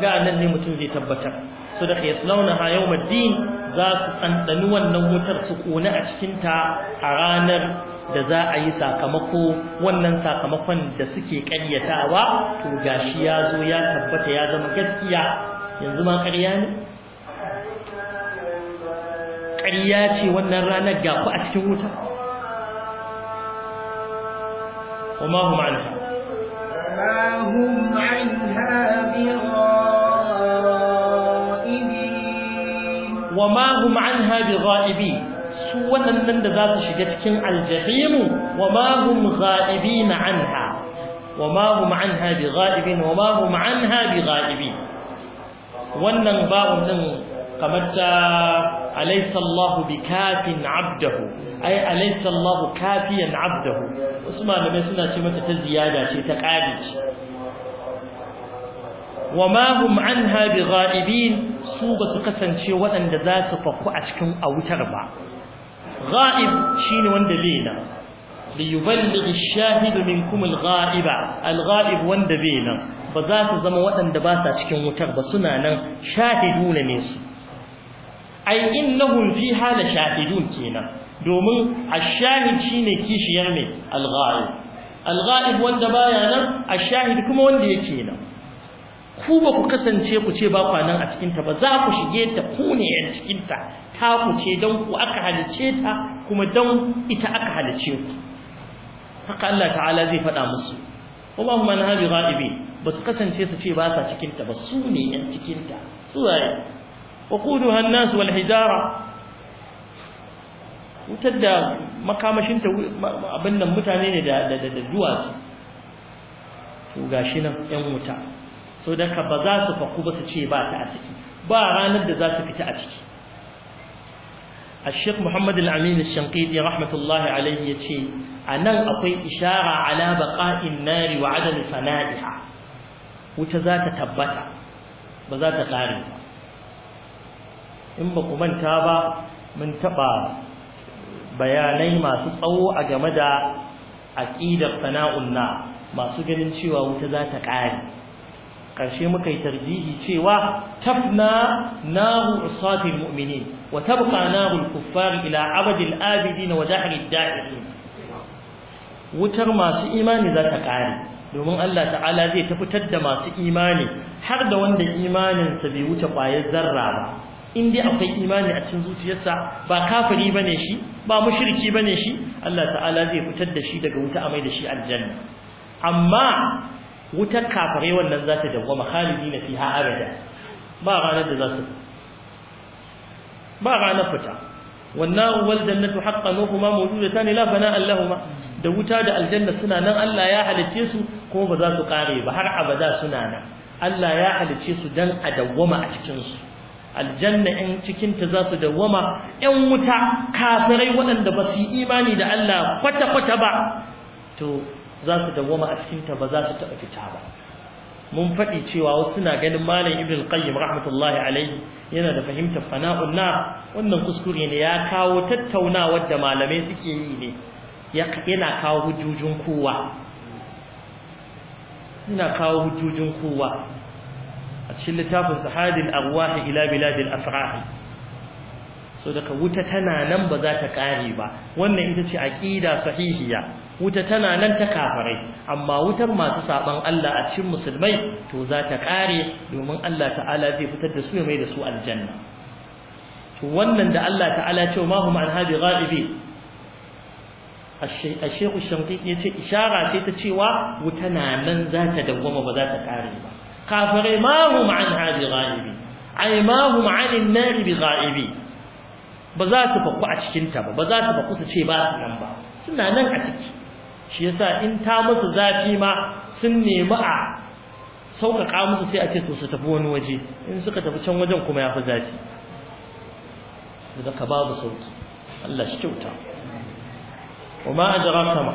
ga nan ne mutum zai tabbatar so da yaslaunaha yawmad din za su tsantsani wannan wutar su kona a cikinta a ranar da za a yi sakamako wannan sakamakon da suke ƙaryatawa to gashi ya zo ya tabbata ya zama gaskiya yanzu ma ƙarya ne ƙarya ce wannan ranar ga ku a cikin wuta kuma hum anha hum anha bi wa ma su waɗannan da za su shiga cikin aljahimu wa ma hum ghaibin anha wa ma hum anha bi ghaibin wa ma hum anha bi ghaibin wannan bawon din kamar ta alaysa bi kafin abdahu ai alaysa Allahu kafiyan abdahu wasu malamai suna ce mata ta ziyada ce ta ƙari ce wa hum anha bi ghaibin su ba su kasance waɗanda za su faku a cikin autar ba ghaib shine wanda bai nan liyuballigh ash-shahid minkum al-ghaiba al-ghaib wanda bai nan ba za su zama waɗanda ba sa cikin wutar ba suna nan shahiduna ne su ai innahum fi hala shahidun kenan domin ash-shahid shine kishiyar mai al-ghaib wanda baya nan ash-shahid kuma wanda yake nan ku ba ku kasance ku ce ba kwa nan a cikinta ba za ku shige ta ku ne a cikinta ta ku ce don ku aka halice ta kuma don ita aka halice ku haka Allah ta'ala zai faɗa musu kuma man hadi ghaibi ba su kasance su ce ba sa cikinta ba su ne yan cikinta su waye waquduha an-nas wal hijara wutar da makamashinta abin nan mutane ne da da duwatsu to gashi nan yan wuta sau da ka ba za su faku ba su ce ba ta a ciki ba ranar da za su fita a ciki a sheik muhammadu al'amini shankidi rahmatullahi alaihi ya ce a nan akwai ishara ala baƙa'in nari wa adal sana'iha wuce za tabbata ba za ta ƙare in ba ku manta ba mun taɓa bayanai masu tsawo a game da aƙidar sana'un masu ganin cewa wuce za ta ƙare ƙarshe muka yi tarjihi cewa tafna naru usafin mu'minin wa tabqa narul kuffar ila abadil abidin wa da'irin wutar masu imani za ta ƙare domin Allah ta'ala zai fitar da masu imani har da wanda imaninsa bai wuce ƙwayar zarra ba in dai akwai imani a cikin zuciyarsa ba kafiri bane shi ba ba bane shi Allah ta'ala zai fitar da shi daga wuta a mai da shi aljanna amma wutar kafare wannan za ta dawwama khalidina fiha abada ba ranar da za su ba ranar fita wannan wal jannatu haqqan huma mawjudatan la fana Allahuma. da wuta da aljanna suna nan Allah ya halice su kuma ba za su kare ba har abada suna nan Allah ya halice su dan a dawwama a cikin su aljanna in cikin ta za su dawwama ƴan wuta kafirai waɗanda ba su yi imani da Allah kwata kwata ba to za su dawwama a cikin ta ba za su taɓa fita ba mun faɗi cewa wasu na ganin malam ibn qayyim rahmatullahi alaihi yana da fahimtar fana'un na wannan kuskure ne ya kawo tattaunawar da malamai suke yi ne yana kawo hujjojin kowa yana kawo kowa a cikin littafin sahadin arwahi ila biladil afrahi so daga wuta tana nan ba za ta kare ba wannan ita ce aqida sahihiya wuta tana nan ta kafirai amma wutar masu saban Allah a cikin musulmai to za ta kare domin Allah ta'ala zai fitar da su ya mai da su aljanna to wannan da Allah ta'ala ce ma hum an hadi ghaibi Sheikh Shamkik ya ce ishara ce ta cewa wuta na nan za ta dawwama ba za ta kare ba kafirai ma hum an hadi ghaibi ai ma hum an an-nar bi ghaibi ba za ta fakku a cikin ta ba ba za ta fakku su ce ba nan ba suna nan a ciki shi yasa in ta musu zafi ma sun nemi a sauƙaƙa musu sai a ce to su tafi wani waje in suka tafi can wajen kuma ya fi zafi daga babu sauki Allah shi kyauta wa ma adraka ma wa ma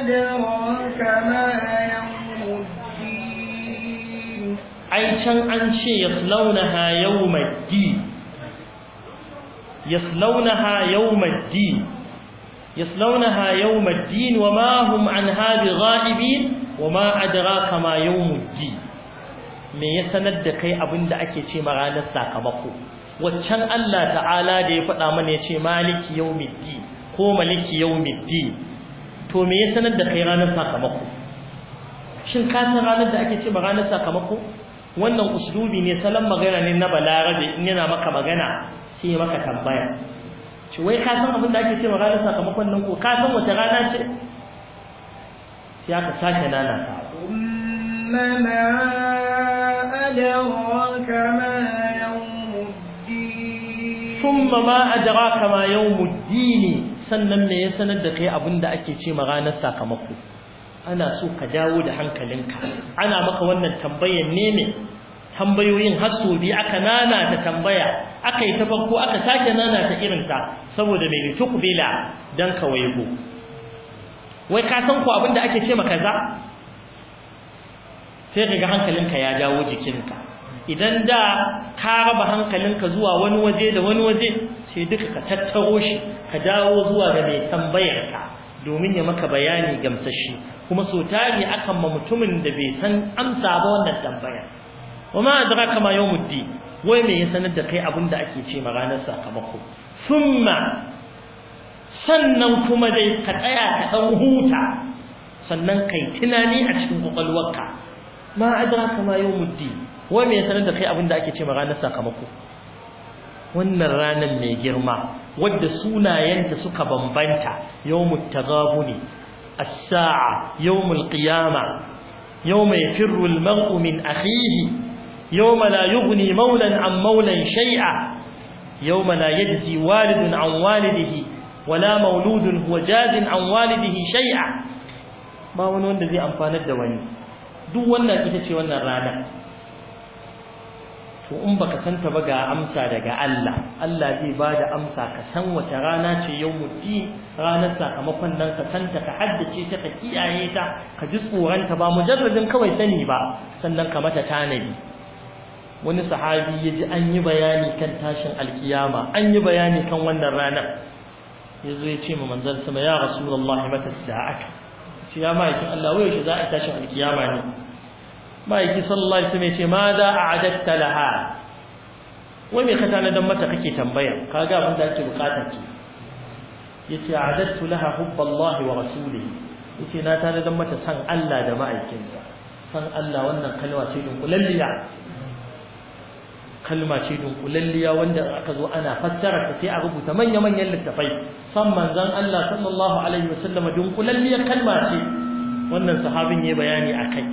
adraka ma yawmuddin ai can an ce yaslaunaha yawmuddin yaslaunaha yawmuddin يصلونها يوم الدين وما هم عنها بغائبين وما أدراك ما يوم الدين me ya sanar da kai abin da ake ce ranar sakamako waccan Allah ta'ala da ya faɗa mana ya ce maliki yawmiddi ko maliki yawmiddi to me ya sanar da kai ranar sakamako shin ka san ranar da ake ce ranar sakamako wannan uslubi ne salon magana ne na balarabe in yana maka magana sai maka tambaya ce wai ka san abin da ake cewa ranar sakamakon nan ko ka san wata rana ce sai aka sake nana ta mana adraka ma yawmuddin thumma ma adraka ma yawmuddin sannan me ya sanar da kai abin da ake cewa ranar sakamako ana so ka dawo da hankalinka ana maka wannan tambayar ne ne tambayoyin har aka nana ta tambaya aka yi ta farko aka sake nana ta irinta saboda mai tukbila dan kawaigo wai ka san ku abinda ake ce maka za sai kaga hankalinka ya dawo jikinka idan da ka raba hankalinka zuwa wani waje da wani waje sai duka ka tattaro shi ka dawo zuwa ga mai tambayarka domin ya maka bayani gamsashi kuma so tari akan ma mutumin da bai san amsa ba wannan tambayar وما أدراك ما يوم الدين wai me ya sanar da kai abin da ake ce ma ranar sakamako summa sannan kuma dai ka tsaya ka ɗan huta sannan kai tunani a cikin kwakwalwarka ma adraka ma yawmuddi wai me ya sanar da kai abin da ake ce ma ranar sakamako wannan ranar mai girma wadda sunayenta suka bambanta yawmut tagabuni as-sa'a mulkiyama. Yau mai yafirru al-mar'u min akhihi yawma la yughni maulan an maulan shay'a yawma la yajzi walidun an walidihi wala mauludun huwa jazin an walidihi shay'a ba wani wanda zai amfanar da wani duk wannan ita ce wannan rana to in baka santa ba ga amsa daga Allah Allah zai bada amsa ka san wace rana ce yawmuddin ranar sakamakon nan ka santa ka haddace ta ka kiyaye ta ka ji tsoron ta ba mujarradin kawai sani ba sannan ka mata tanadi wani sahabi ya ji an yi bayani kan tashin alkiyama an yi bayani kan wannan ranar ya zo ya ce ma manzan sama ya rasulullahi mata sa'aka ce ya ma'aikin Allah wai za a tashin alkiyama ne ma'aiki sallallahu alaihi wasallam ya ce ma za a adatta laha wai me ka tanadan mata kake tambaya ka ga abin da ake bukata ce yace adattu laha hubballahi wa ya yace na tanadan mata san Allah da ma'aikinsa san Allah wannan kalma ce din kalma ce dunkulalliya wanda aka zo ana fassara ta sai a rubuta manya-manyan littafai san manzon Allah sallallahu alaihi wasallam dunkulalliya kalma ce wannan sahabin ya bayani akai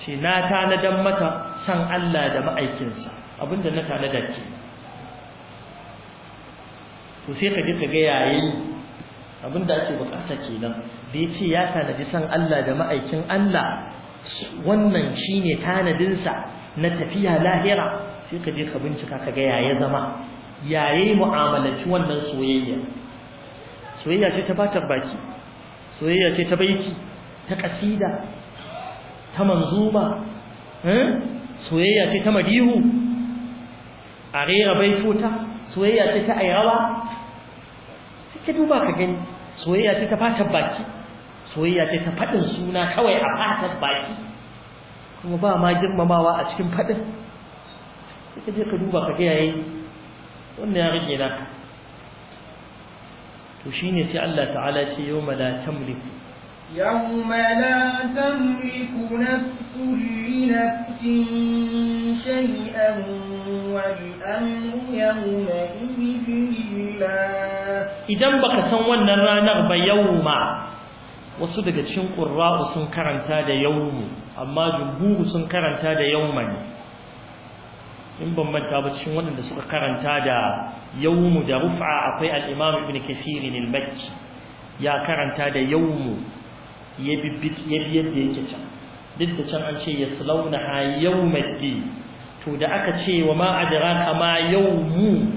ce na tanadan mata san Allah da ma'aikinsa abinda na tanada ke to sai ka ji ka ga yayi abinda ake bukata kenan da yace ya tanadi san Allah da ma'aikin Allah wannan shine tanadinsa na tafiya lahira sai ka je ka bincika ka ga yaya zama yaye mu'amalaci wannan soyayya soyayya ce ta batar baki soyayya ce ta baiki ta kasida ta manzuma eh? soyayya ce ta madihu a rera baitota soyayya ce ta ayrawa sai ka duba ka gani soyayya ce ta batar baki soyayya ce ta faɗin suna kawai a fatar baki kuma ba ma girmamawa a cikin faɗin sai ka je ka duba ka gaya yi. wannan ya rage naka to ne sai Allah ta'ala ce yawma la tamliku yawma la tamliku nafsun li nafsin shay'an wal amru yawma idhin lillah idan baka san wannan ranar ba ma. wasu daga cikin ƙurra'u sun karanta da yawmu amma jumhuru sun karanta da yawman in ban manta ba cikin waɗanda suka karanta da yawmu da rufa akwai al-imam ibn kathir al-makki ya karanta da yawmu ya bibbit ya biyar da yake can duk da can an ce yaslawna ha yawmaddi to da aka ce wa ma adraka ma yawmu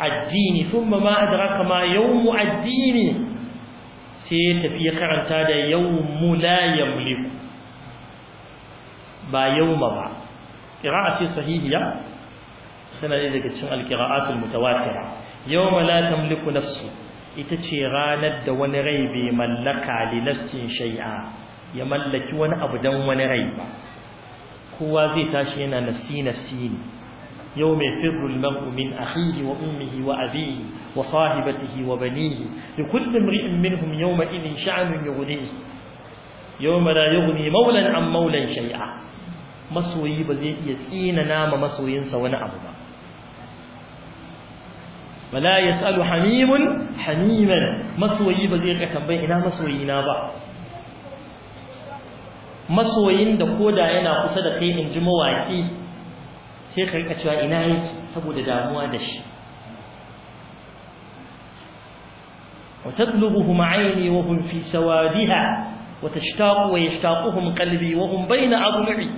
addini thumma ma adraka ma yawmu addini sai ya tafi ya karanta da yawmu la yamliku ba yawma ba qira'a sahihiya tana ne daga cikin alqira'atul mutawatira yawma la tamliku nafsu ita ce ranar da wani rai bai mallaka li nafsin shay'a ya mallaki wani abu dan wani rai ba kowa zai tashi yana nafsi nafsi ne يوم يفر المرء من أخيه وأمه وأبيه وصاحبته وبنيه لكل امرئ منهم يومئذ شأن يغنيه يوم لا يغني مولا عن مولا شيئا masoyi ba zai iya tsina nama masoyinsa wani abu ba wala yasalu hamimun hamiman masoyi ba zai rika tambayin ina masoyina ba masoyin da koda yana kusa da kai in ji mawaki sai ka rika ina yake saboda damuwa da shi wa tatlubuhum ayni wa hum fi sawadiha wa tashtaqu wa yashtaquhum qalbi wa hum bayna adlu'i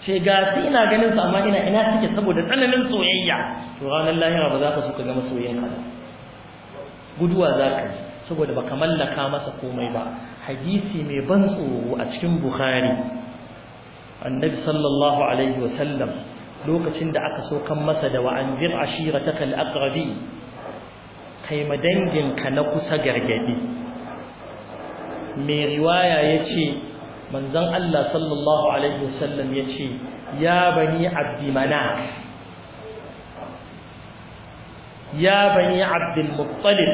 ce ga su ina ganin su amma ina ina suke saboda tsananin soyayya to ranar lahira ba za ka so ka ga masoyin ka guduwa za ka yi saboda ka mallaka masa komai ba hadisi mai ban tsoro a cikin bukhari annabi sallallahu alaihi wasallam lokacin da aka saukan masa da wa'anzir ashirataka al-aqrabi kai madanginka na kusa gargadi mai riwaya yace manzon Allah sallallahu alaihi wasallam yace ya bani abdimana ya bani abdul muttalib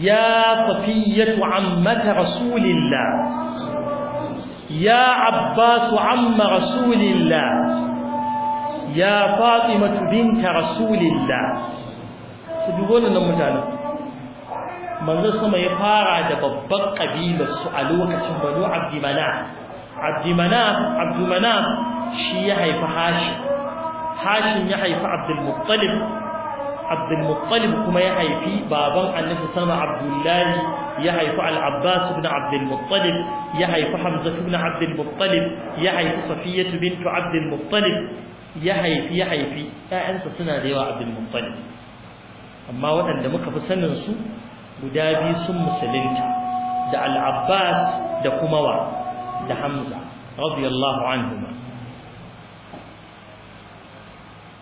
ya safiyatu ammata rasulillah ya abbas amma rasulillah ya fatima binta rasulillah su dubo ne nan mutane manzo sama ya fara da babban kabila su a lokacin banu abdimana abdimana abdumana shi ya haifi hashim hashim ya haifi abdul muttalib abdulmuttalib kuma ya haifi baban annabi sama abdullahi ya haifi al-abbas ibn abdulmuttalib ya haifi hamza ibn abdulmuttalib ya haifi safiyatu bintu abdulmuttalib ya haifi ya haifi ƴaƴansa suna da yawa abdulmuttalib amma waɗanda muka fi sanin su guda biyu sun musulunta da al-abbas da kuma wa da hamza radiyallahu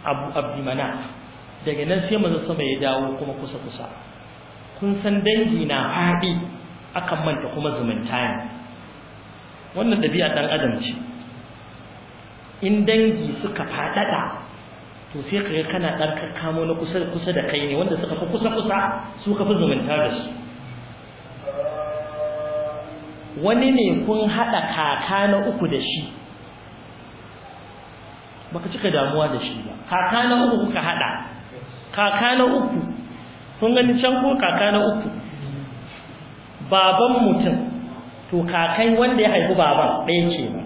abu abdi manaf daga nan sai mazan sama ya dawo kuma kusa kusa kun san dangi na haɗi akan manta kuma zumunta ne wannan ɗabi'a ɗan adam ce in dangi suka faɗaɗa to sai ka kana ɗan kakkamo na kusa kusa da kai ne wanda suka fi kusa kusa su ka fi zumunta da su wani ne kun haɗa kaka na uku da shi baka cika damuwa da shi ba kaka na uku kuka haɗa kaka na uku kun gani can ko kaka na uku baban mutum to kakai wanda ya haifi baban ɗaya ke ba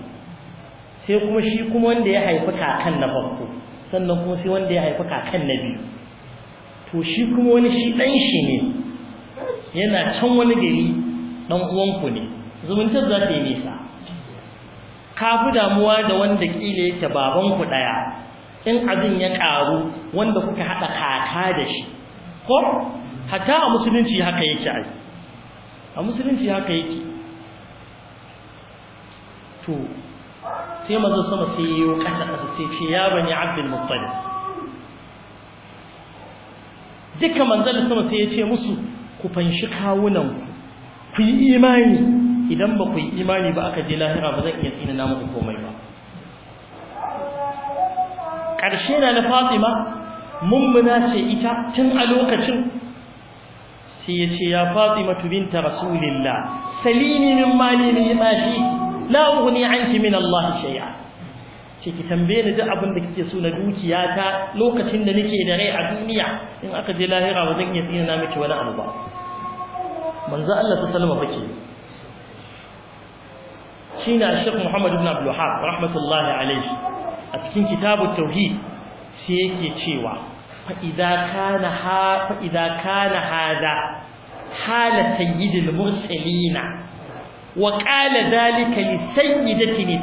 sai kuma shi kuma wanda ya haifi kakan na farko sannan kuma sai wanda ya haifi kakan na biyu to shi kuma wani shi ɗan shi ne yana can wani gari ɗan uwanku ne zumuntar za ta yi nisa ka fi damuwa da wanda ƙila yake babanku ɗaya in abin ya ƙaru wanda kuka haɗa kaka da shi ko hatta a musulunci haka yake ai a musulunci haka yake to sai mazo sama sai yi kasa kasa sai ce ya bani abdul muttalib duka manzon sama sai ya ce musu ku fanshi kawunan ku yi imani idan ba ku yi imani ba aka je lahira ba zan iya tsina na muku komai ba ƙarshe na na fatima mummuna ce ita tun a lokacin sai ya ce ya fatima binta rasulillah salini min mali min mashi la ughni anki min Allah shay'a ce ki tambaye ni duk abin da kike so na dukiya ta lokacin da nake da rai a duniya in aka je lahira ba zan iya tsina na miki wani abu ba manzo Allah ta sallama bake shine Sheikh Muhammad ibn Abdul Wahhab rahmatullahi alayhi a cikin kitabu tauhid sai yake cewa fa kana ha fa idza kana hada hala sayyidil mursalina wa qala dhalika li sayyidati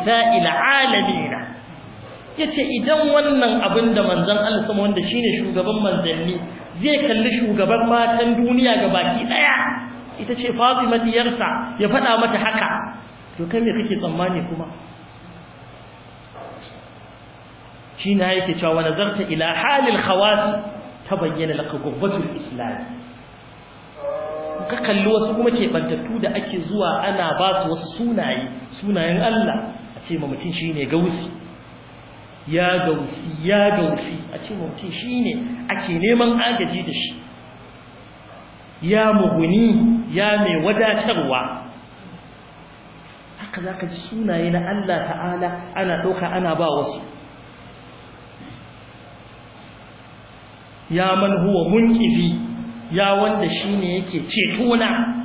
Ya ce yace idan wannan abin da manzon Allah wanda wanda shine shugaban manzanni zai kalli shugaban matan duniya gabaki ɗaya. ita ce Fatima ya faɗa mata haka to kai me kake tsammani kuma shine yake cewa wa nazarta ila halil khawas bayyana laka gurbatul islam ka kalli wasu kuma ke bantattu da ake zuwa ana ba su wasu sunaye sunayen Allah a ce ma shine gausi ya gausi ya gausi a ce ma shine ake neman agaji da shi ya muguni ya mai wadatarwa haka zaka ji sunaye na Allah ta'ala ana ɗauka ana ba wasu ya man huwa munkifi ya wanda shine yake ceto na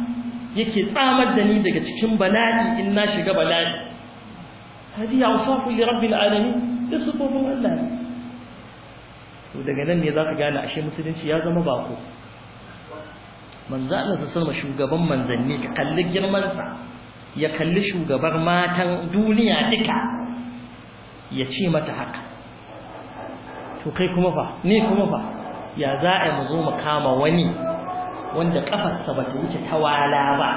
yake tsamar da ni daga cikin bala'i in na shiga bala'i hadi awsafu li rabbil alamin da sifofin Allah to daga nan ne zaka gane ashe musulunci ya zama bako manzo Allah ta sallama shugaban manzanni ka kalli girman sa ya kalli shugabar matan duniya duka ya ce mata haka to kai kuma fa ni kuma fa ya za a mu zo mu kama wani wanda kafarsa ba ta wuce ta wala ba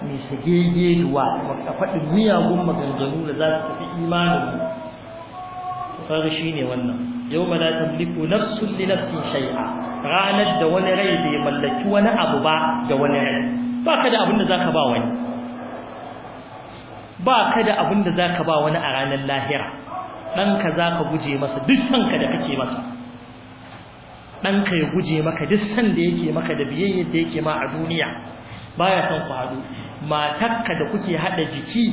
mai sagege duwa a faɗin miyagun maganganu da za su tafi imanin mu fara shi ne wannan yau ma la tamliku nafsun li nafsin shay'a ranar da wani rai bai mallaki wani abu ba da wani rai ba ka da abin da zaka ba wani ba ka da abin da zaka ba wani a ranar lahira ɗanka za ka guje masa duk sanka da kake masa ɗanka ya guje maka duk san da yake maka da biyayyar da yake ma a duniya baya son ku haɗu matarka da kuke haɗa jiki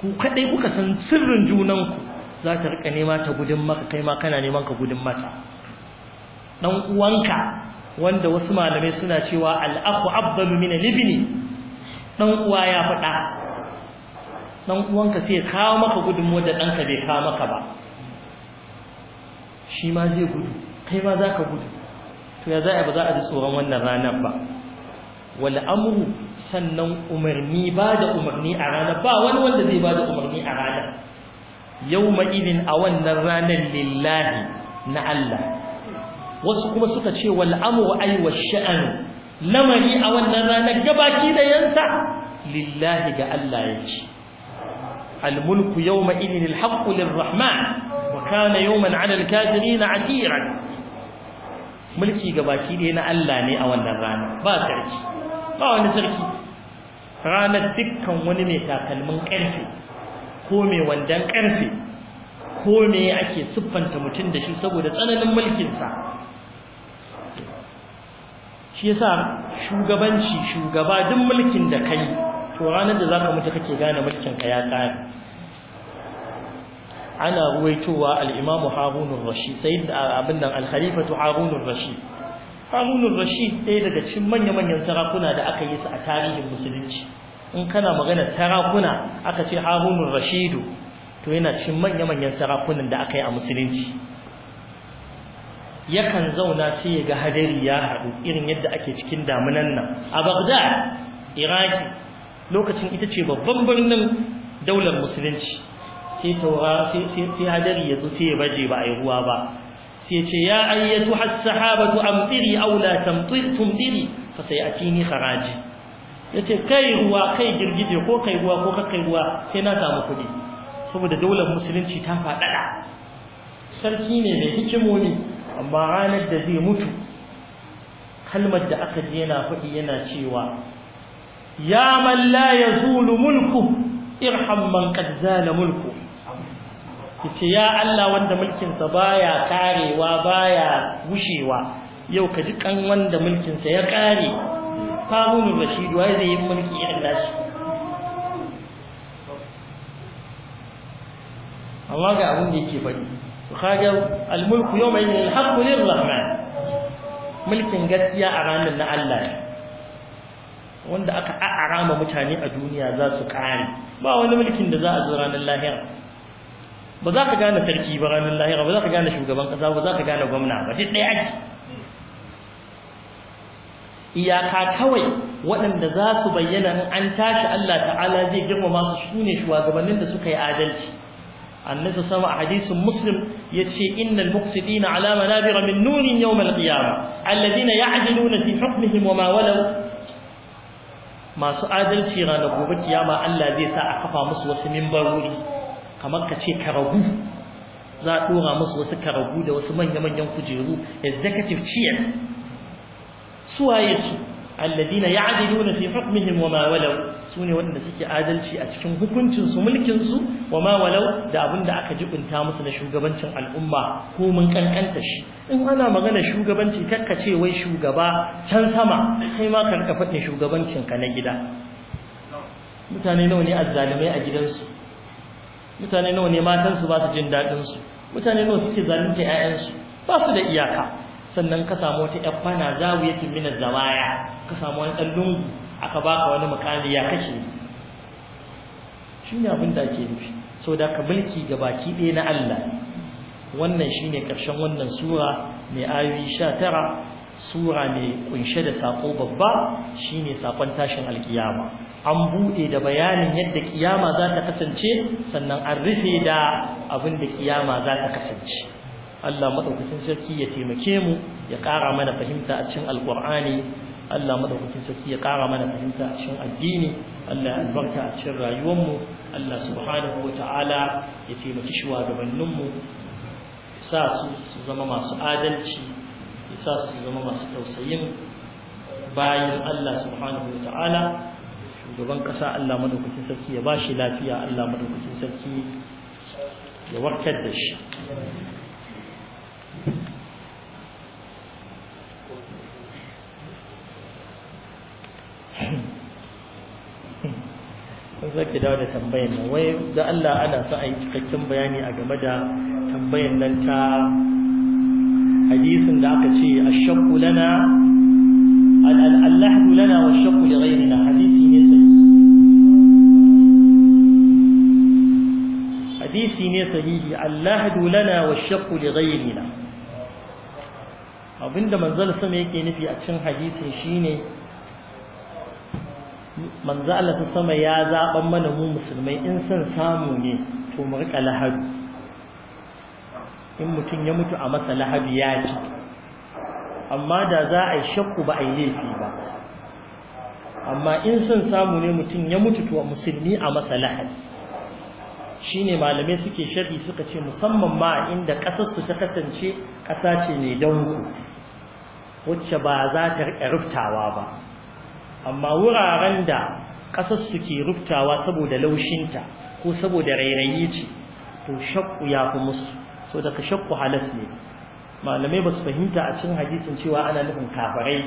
ku kaɗai kuka san sirrin junanku za ta riƙa nema ta gudun maka kai ma kana neman ka gudun mata ɗan uwanka wanda wasu malamai suna cewa al'aku abdalu min libni ɗan uwa ya faɗa dan uwanka sai kawo maka gudunmuwar da ɗanka bai kawo maka ba shi ma zai gudu kai ma za ka gudu to ya za ba za a ji tsoron wannan ranar ba wal amru sannan umarni ba da umarni a ranar ba wani wanda zai ba da umarni a ranar yawma idin a wannan ranar lillahi na Allah wasu kuma suka ce wal amru ay sha'an lamari a wannan ranar gabaki da yansa lillahi ga Allah yake الملك يومئذ الحق للرحمن وكان يوما على الكافرين عسيرا mulki gabaki dai na Allah ne a wannan rana ba sarki ba wani sarki ranar dukkan wani mai takalmin ƙarfe, ko mai wandan ƙarfe? ko me ake siffanta mutum da shi saboda tsananin mulkinsa shi yasa shugabanci shugaba duk mulkin da kai to ranar da zaka mutu kake gane mulkin ka ya kare ana ruwaitowa al-Imam Harun ar-Rashid sayyid abin nan al-Khalifatu Harun ar-Rashid Harun ar-Rashid ɗaya daga cikin manya-manyan sarakuna da aka yi su a tarihin musulunci in kana magana sarakuna aka ce Harun ar-Rashid to yana cikin manya-manyan sarakunan da aka yi a musulunci yakan zauna sai ya ga hadari ya haɗu irin yadda ake cikin damunan nan a Baghdad Iraki lokacin ita ce babban birnin daular musulunci sai taura sai hadari ya zo sai ya baje ba a yi ruwa ba sai ce ya ayyatu has sahabatu amtiri aw la tamtir tumtiri fa sayatini kharaji yace kai ruwa kai girgije ko kai ruwa ko kai ruwa sai na samu kuɗi saboda daular musulunci ta faɗaɗa sarki ne mai hikimoni amma ranar da zai mutu kalmar da aka ji yana faɗi yana cewa ya man la yazulu mulku irham man qad zala mulku yace ya Allah wanda mulkin sa baya karewa baya gushewa yau ka ji kan wanda mulkin sa ya kare Harun Rashid wai zai yi mulki irin nashi amma ga abin da yake bari kaga al-mulku yawma al-haqqu lir-rahman mulkin gaskiya a ranar na Allah ne wanda aka a'ara ma mutane a duniya za su kare ba wani mulkin da za a zo ranar lahira ba za ka gane sarki ba ranar lahira ba za ka gane shugaban kasa ba za ka gane gwamna ba duk ɗaya ake iyaka kawai waɗanda za su bayyana in an tashi Allah ta'ala zai girmama su shine shugabannin da suka yi adalci annabi sama a hadisin muslim yace innal muqsidina ala manabira min nurin yawm al-qiyamah alladhina ya'diluna fi hukmihim wa ma walaw masu adalci ranar gobe kiyama Allah zai sa a kafa musu wasu mimbarori kamar ka ce karagu za a dora musu wasu karagu da wasu manya-manyan kujeru executive chair suwaye su alladina ya'diluna fi hukmihim wa ma walau su ne waɗanda suke adalci a cikin hukuncinsu mulkinsu wa ma walau da abin da aka jibinta musu na shugabancin al'umma ko mun kankanta shi in ana magana shugabanci karka ce wai shugaba can sama kai ma karka faɗin shugabancin ka na gida mutane nawa ne azzalumai a gidansu mutane nawa ne matansu ba su jin daɗinsu mutane nawa suke zalunta 'ya'yansu ba su da iyaka sannan ka samu wata ƴar fana zawiyatin min zawaya ka samu wani ɗan lungu aka baka wani mukami ya kashe shine abin da ake nufi so da ka mulki ga baki ɗaya na Allah wannan shine karshen wannan sura mai ayoyi sha tara, sura mai kunshe da saƙo babba shine saƙon tashin alkiyama an buɗe da bayanin yadda ƙiyama za ta kasance sannan an rufe da abin da kiyama za ta kasance Allah maɗaukacin sarki ya taimake mu ya ƙara mana fahimta a cikin alƙur'ani Allah madaukakin sarki ya ƙara mana fahimta a cikin addini Allah ya albarka a cikin rayuwarmu Allah subhanahu ta'ala ya taimaki shugabanninmu mu sa su su zama masu adalci ya sa su zama masu tausayin bayan Allah subhanahu ta'ala shugaban ƙasa Allah madaukakin sarki ya bashi lafiya Allah madaukakin sarki ya warkar da shi sun sake dawo da tambayan nan wai da Allah ana sa a yi cikakken bayani a game da tambayan nan ta hadisin da aka ce ashaqu lana al lana wa ashaqu li ghayrina hadisi ne sai hadisi ne sahihi al lana wa ashaqu li ghayrina abinda manzon sama yake nufi a cikin hadisin shine manzo Allah ta sama ya zaban mana mu musulmai in san samu ne to mu rika lahabi in mutum ya mutu a masa lahabi ya ci amma da za a shakku ba a yi laifi ba amma in san samu ne mutum ya mutu to musulmi a masa lahabi shine malamai suke sharhi suka ce musamman ma inda kasar su ta kasance kasa ce mai danko wacce ba za ta rika rubtawa ba amma wuraren da ƙasar su ke rubtawa saboda laushinta ko saboda rairayi ce to shakku ya fi musu so daga shakku halas ne malamai ba su fahimta a cikin hadisin cewa ana nufin kafarai.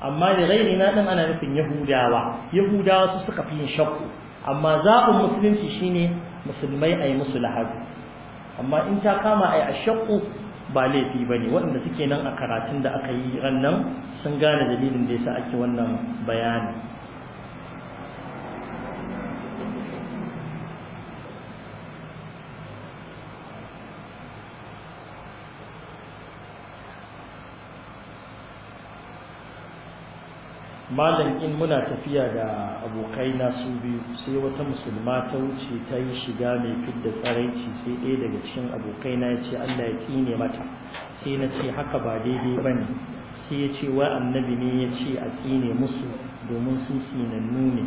amma da rairi na ɗan ana nufin yahudawa yahudawa su suka fi yin shakku amma zaɓin musulunci shine musulmai a yi musu lahabi amma in ta kama a yi a shakku ba laifi ba ne waɗanda suke nan a karatun da aka yi ran nan sun gane dalilin da ya sa ake wannan bayani malam in muna tafiya da abokai na su biyu sai wata musulma ta wuce ta yi shiga mai fidda tsaraici sai ɗaya daga cikin abokai na ya ce Allah ya tsine mata sai na ce haka ba daidai ba ne sai ya ce wa annabi ne ya ce a tsine musu domin su sinannu ne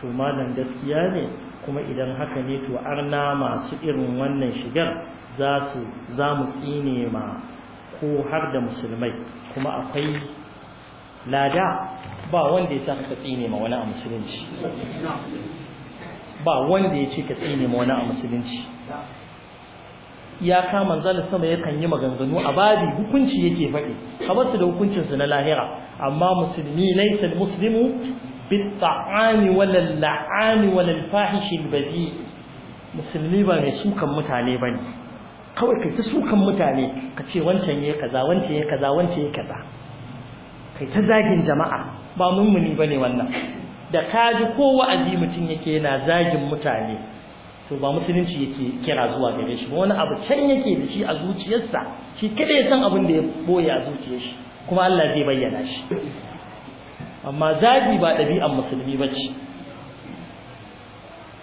to malam gaskiya ne kuma idan haka ne to arna masu irin wannan shigar za su za mu tsine ma ko har da musulmai kuma akwai lada ba wanda ya sa ka tsine ma wani a musulunci ba wanda ya ce ka tsine ma wani a musulunci ya kama manzala sama yakan yi maganganu a babi hukunci yake faɗi kamar su da hukuncinsu na lahira amma musulmi laysa almuslimu bitta'ani wala la'ani wala alfahishi albadi musulmi ba mai sukan mutane bane kawai kai ta sukan mutane ka ce wancan yayi kaza wancan yayi kaza wancan yayi kaza kai ta zagin jama'a ba mummuni ne wannan da ji ko wa'azi mutum yake yana zagin mutane to ba musulunci yake kira zuwa gare shi ba wani abu can yake da shi a zuciyarsa shi kada ya san abin da ya boye a zuciyar shi kuma Allah zai bayyana shi amma zagi ba ɗabi'an musulmi ba ce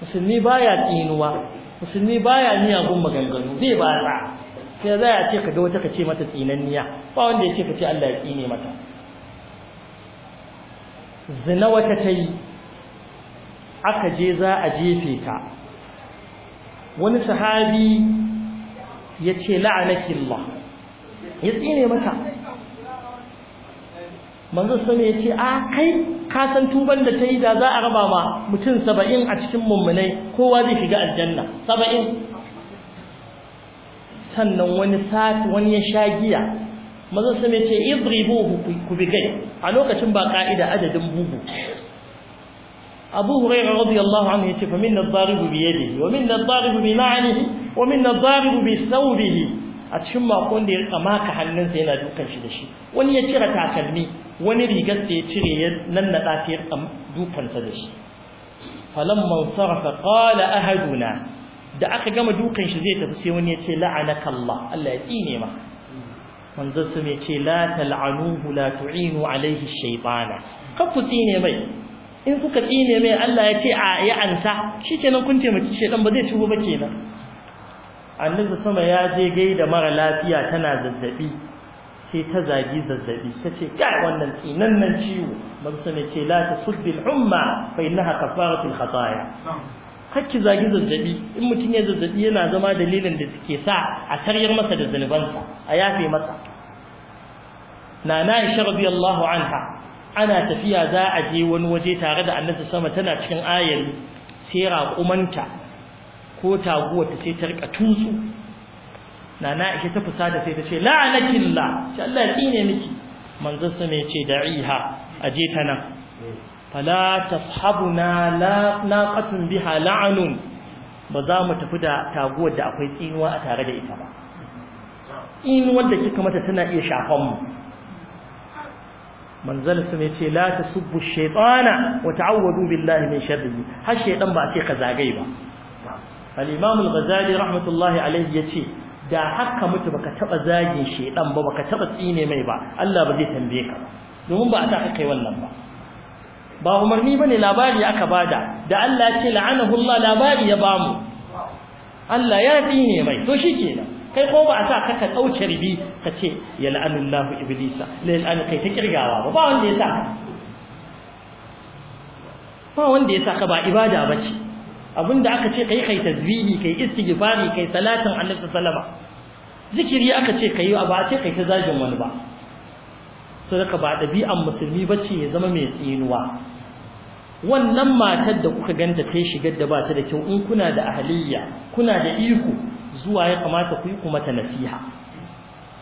musulmi baya tsinuwa musulmi baya miyagun maganganu zai ba sai za a ce ka ga wata ka ce mata tsinanniya ba wanda ya ce ka ce Allah ya tsine mata zina wata ta yi aka je za a jefe ta wani sahabi ya ce la'anakillah ya tsine mata manzo sani ya ce a ah, kai kasan san tuban da ta yi da za a raba ma mutum saba'in a cikin mummunai kowa zai shiga aljanna saba'in sannan wani sati wani ya sha giya manzon sama yace idribuhu ku bigai a lokacin ba ka'ida adadin bugu Abu Hurairah radiyallahu anhu yace fa minna ad-daribu bi yadihi wa minna ad-daribu bi ma'anihi wa minna ad-daribu bi thawbihi a cikin makon da ya rika maka hannunsa yana dukan shi da shi wani ya cire takalmi wani rigar da ya cire ya nannada ta ya rika dukansa da shi falamma sarafa qala ahaduna da aka gama dukan shi zai tafi sai wani ya ce la'anaka Allah Allah ya tsine maka manzo su ne ce la tal'anuhu la tu'inu alaihi shaytana kan ku tsine mai in kuka tsine mai Allah ya ce a ya anta shikenan kun ce, dan ba zai shigo ba kenan annabi sama ya je gaida mara lafiya tana zazzabi sai ta zagi zazzabi ta ce kai wannan tsinan nan ciwo manzo ne ce la tasuddi umma fa innaha kafaratul khataya ki zagi zazzabi in mutum ya zazzabi yana zama dalilin da suke sa a taryar masa da zunubansa a yafe masa na na isha radiyallahu anha ana tafiya za a je wani waje tare da annabi sama tana cikin ayari sai raƙumanta ko taguwa ta sai ta riƙa tutsu na na isha ta fusata sai ta ce la, shi Allah ya tsine miki manzon sama ya ce da'iha aje ta nan hmm. fala tashabuna na naqatun biha la'anun ba za mu tafi da taguwar da akwai tsinuwa a tare da ita ba tsinuwar da kika mata tana iya shafan mu manzal sun yace la tasubbu shaytana wa ta'awwadu billahi min sharrihi har shaytan ba a ce ka zagaye ba al-imam al-ghazali rahmatullahi alayhi yace da haka mutu baka taba zagin shaiɗan ba baka taba tsine mai ba Allah ba zai tambaye ka domin ba a ta kai wannan ba ba umarni bane labari aka bada da Allah ce la'anahu Allah labari ya bamu Allah ya tsine mai to shikenan kai ko ba a sa ka ka dauce ribi ka ce ya la'anullahu iblisa la la'an kai ta kirgawa ba ba wanda ya sa ba wanda ya sa ka ba ibada bace abinda aka ce kai kai tasbihi kai istighfari kai salatin annabi sallama zikiri aka ce kai ba a ce kai ta zagin wani ba sadaka ba ɗabi'an musulmi ba ce ya zama mai tsinuwa wannan matar da kuka ganta ta shigar da ba ta da kyau in kuna da ahaliyya kuna da iko zuwa ya kamata ku yi kuma ta nasiha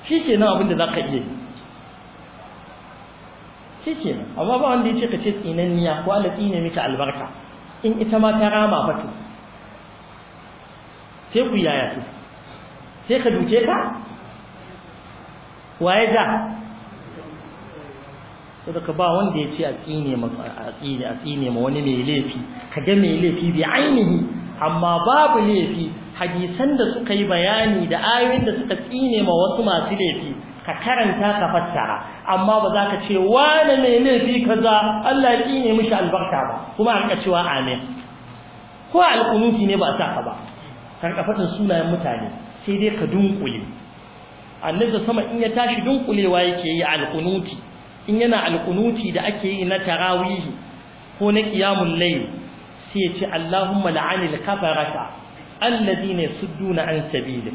shi ke nan abin da za ka iya yi shi ke nan amma ba wanda ya ce ka ce tsinanniya ko ala tsine mika albarka in ita ma ta rama fato sai ku yaya sai ka duke ka waye za saboda ba wanda ya ce a tsine ma a tsine ma wani mai laifi ga mai laifi bi ainihi amma babu laifi hadisan da suka yi bayani da ayoyin da suka tsine ma wasu masu laifi ka karanta ka fassara amma ba za ka ce wani mai laifi kaza Allah ya tsine mishi albarka ba kuma an ka cewa amin ko alƙunuti ne ba sa ka ba karka faɗin sunayen mutane sai dai ka dunkule annabi sama in ya tashi dunkulewa yake yi alƙunuti in yana alƙunuti da ake yi na tarawihi ko na ƙiyamun layi sai ya ce Allahumma la'anil kafarata alladhina yasudduna an sabilik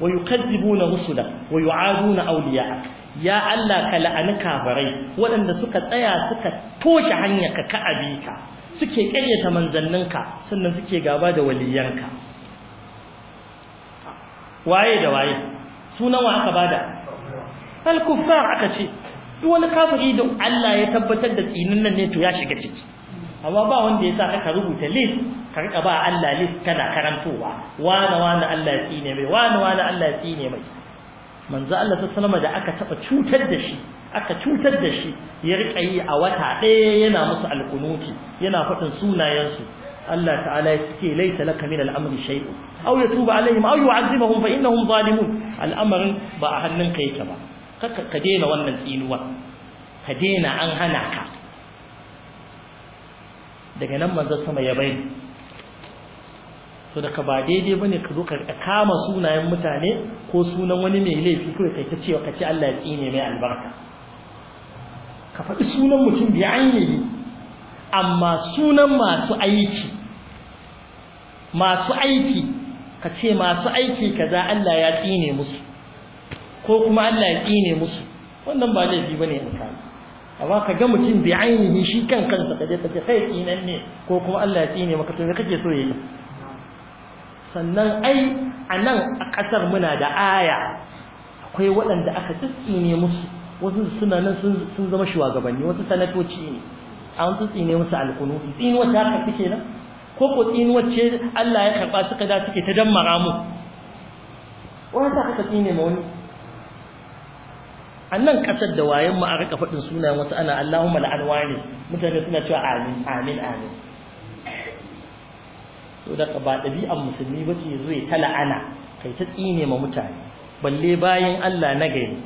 wa yukadzibuna rusula wa yu'aduna awliya ya Allah ka la'ani kafarai waɗanda suka tsaya suka toshe hanya ka ka abika suke ƙaryata manzanninka sannan suke gaba da waliyanka waye da waye sunan wa aka bada al-kuffar aka ce duk wani kafiri da Allah ya tabbatar da tsinin nan ne to ya shiga ciki amma ba wanda ya sa ka rubuta list ka rika ba Allah list kana karantowa wani wani Allah ya tsine mai wani wani Allah ya tsine mai manzo Allah ta sallama da aka taba cutar da shi aka cutar da shi ya rika yi a wata ɗaya yana musu alkunuti yana faɗin sunayensu Allah ta'ala ya ce laisa laka min al'amri shay'un aw yatuba alaihim aw yu'adhibuhum fa innahum zalimun al'amarin ba a hannun yake ba kaka ka daina wannan tsinuwa ka daina an hana ka daga nan maza sama ya bai so da ka ba daidai bane ka zo ka kama sunayen mutane ko sunan wani mai laifi ko kai ka cewa ka ce Allah ya tsine mai albarka ka faɗi sunan mutum bi ainihi amma sunan masu aiki masu aiki ka ce masu aiki kaza Allah ya tsine musu ko kuma Allah ya tsine musu wannan ba laifi bane in kai amma ka ga mutum bi ainihi shi kan kansa kaje kace kai tsinan ne ko kuma Allah ya tsine maka to me kake so yayi sannan ai anan a kasar muna da aya akwai waɗanda aka tsine musu wasu suna nan sun zama shugabanni wasu sanatoci ne an tsine musu alkunuti tsinuwa wata haka take nan ko ko tsinuwa wacce Allah ya karba suka da suke ta dammara mu sa haka tsine ma wani a nan kasar da wayan mu a rika faɗin suna wasu ana Allahumma ne, mutane suna cewa amin amin amin to da ba ɗabi'ar musulmi ba ce zai ta ana, kai ta tsine ma mutane balle bayan Allah na gani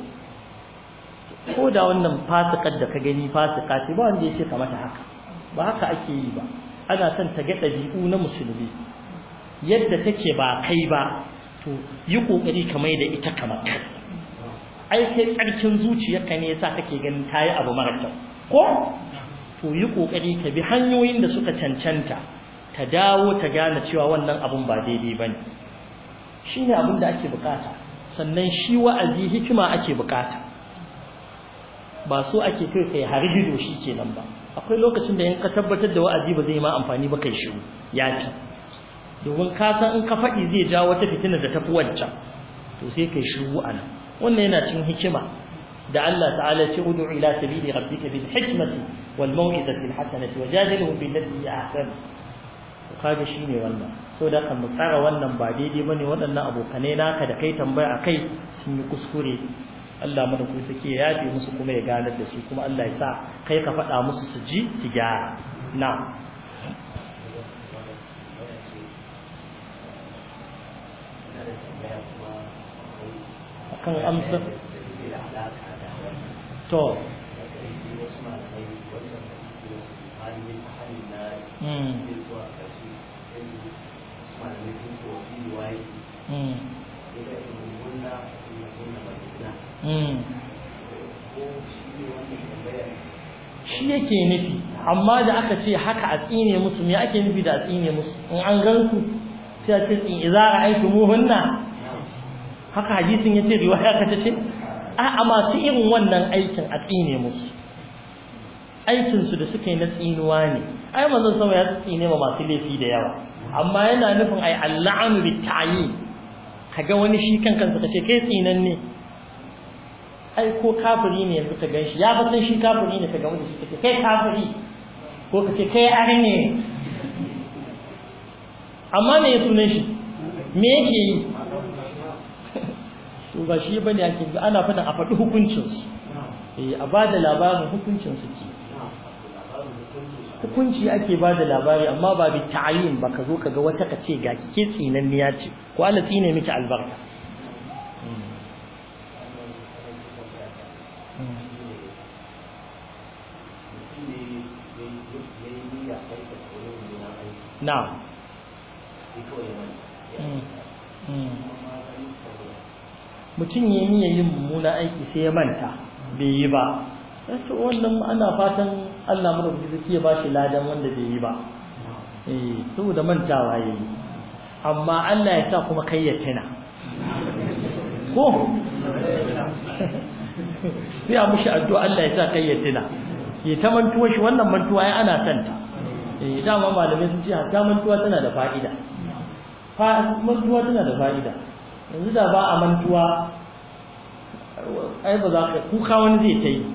ko da wannan fasikar da ka gani fasika ce ba wanda ya ce ka haka ba haka ake yi ba ana son ta ga ɗabi'u na musulmi yadda take ba kai ba to yi ƙoƙari ka da ita kamar kai ai kai tsarkin zuciyarka ne yasa kake ganin tayi abu mara kyau ko to yi kokari ka bi hanyoyin da suka cancanta ta dawo ta gane cewa wannan abun ba daidai bane ne abin da ake bukata sannan shi wa'azi hikima ake bukata ba so ake kai kai har gido shi kenan ba akwai lokacin da in ka tabbatar da wa'azi ba zai ma amfani ba kai shiru ci domin ka san in ka faɗi zai jawo wata fitina da tafi wancan to sai kai shiru a nan wannan yana cikin hikima da Allah ta'ala ce udu ila sabili rabbika bil hikmati wal mau'izati al hasanati wajadilhum billati hi ahsan kaga shine wannan so da kan mu tsara wannan ba daidai bane waɗannan abokanai naka da kai tambaya akai sun yi kuskure Allah mana ku sake ya yafe musu kuma ya ganar da su kuma Allah ya sa kai ka faɗa musu su ji su gyara na'am akan amsa to hmm. Hmm. Hmm. shi yake nufi amma da aka ce haka a tsine musu me ake nufi da a tsine musu in an gansu sai a ce a aiki muhunna haka hadisin ya ce riwaya ka ce a'a masu irin wannan aikin a tsine musu aikinsu da suka yi na tsinuwa ne ai manzon sama ya tsine ma masu laifi da yawa amma yana nufin ai al'anu bitayi kaga wani shi kan kansa kace kai tsinan ne ai ko kafiri ne yanzu ka ganshi ya fasan shi kafiri ne kaga wani shi kace kai kafiri ko kace kai ari ne? amma me sunan shi me yake yi ba shi ne ake ana faɗin a faɗi hukuncinsu eh, a ba da labarin hukuncinsu ke hukunci ake ba da labari amma ba bi ta'ayin ba ka zo ka ga wata ka ce ga ke tsinanniya ce ko Allah tsine miki albarka na'am hmm. hmm. hmm. mutum ya yi yin mummuna aiki sai ya manta bai yi ba to wannan ana fatan Allah madaukaki zai ya bashi ladan wanda bai yi ba eh saboda mantawa yayi amma Allah ya sa kuma kai ya tuna ko sai a mushi addu'a Allah ya sa kai ya tuna ya ta mantuwa shi wannan mantuwa ya ana santa eh dama malamai sun ce ta mantuwa tana da fa'ida fa mantuwa tana da fa'ida yanzu da ba a mantuwa ai ba za ka kuka wani zai ta yi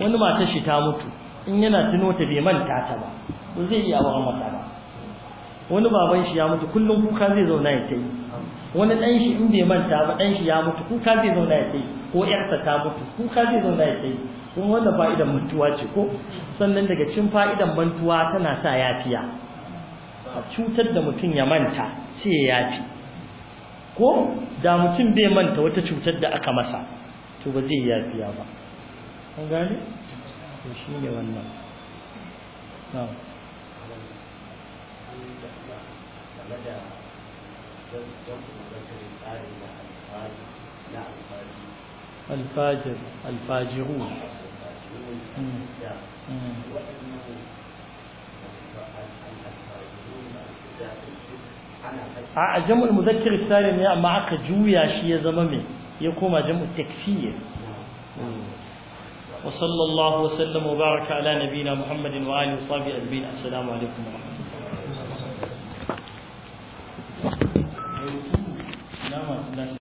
wani matar shi ta mutu in yana tuno ta bai manta ta ba ba zai iya awon mata ba wani baban shi ya mutu kullum kuka zai zauna ya ta yi wani ɗan shi in bai manta ba ɗan shi ya mutu kuka zai zauna ya ta yi ko ƴarsa ta mutu kuka zai zauna ya ta yi kuma wannan fa'idan mantuwa ce ko sannan daga cikin fa'idan mantuwa tana sa yafiya a cutar da mutum ya manta ce yafi ko da mutum bai manta wata cutar da aka masa to ba zai yafiya ba an gane to shine wannan na'am الفاجر الفاجرون الفاجرون a jam'ul muzakkir salim ne amma aka juya shi ya zama mai ya koma jam'u takfir wa sallallahu wa sallam wa baraka ala nabina muhammadin wa alihi wa sahbihi assalamu alaikum wa rahmatullahi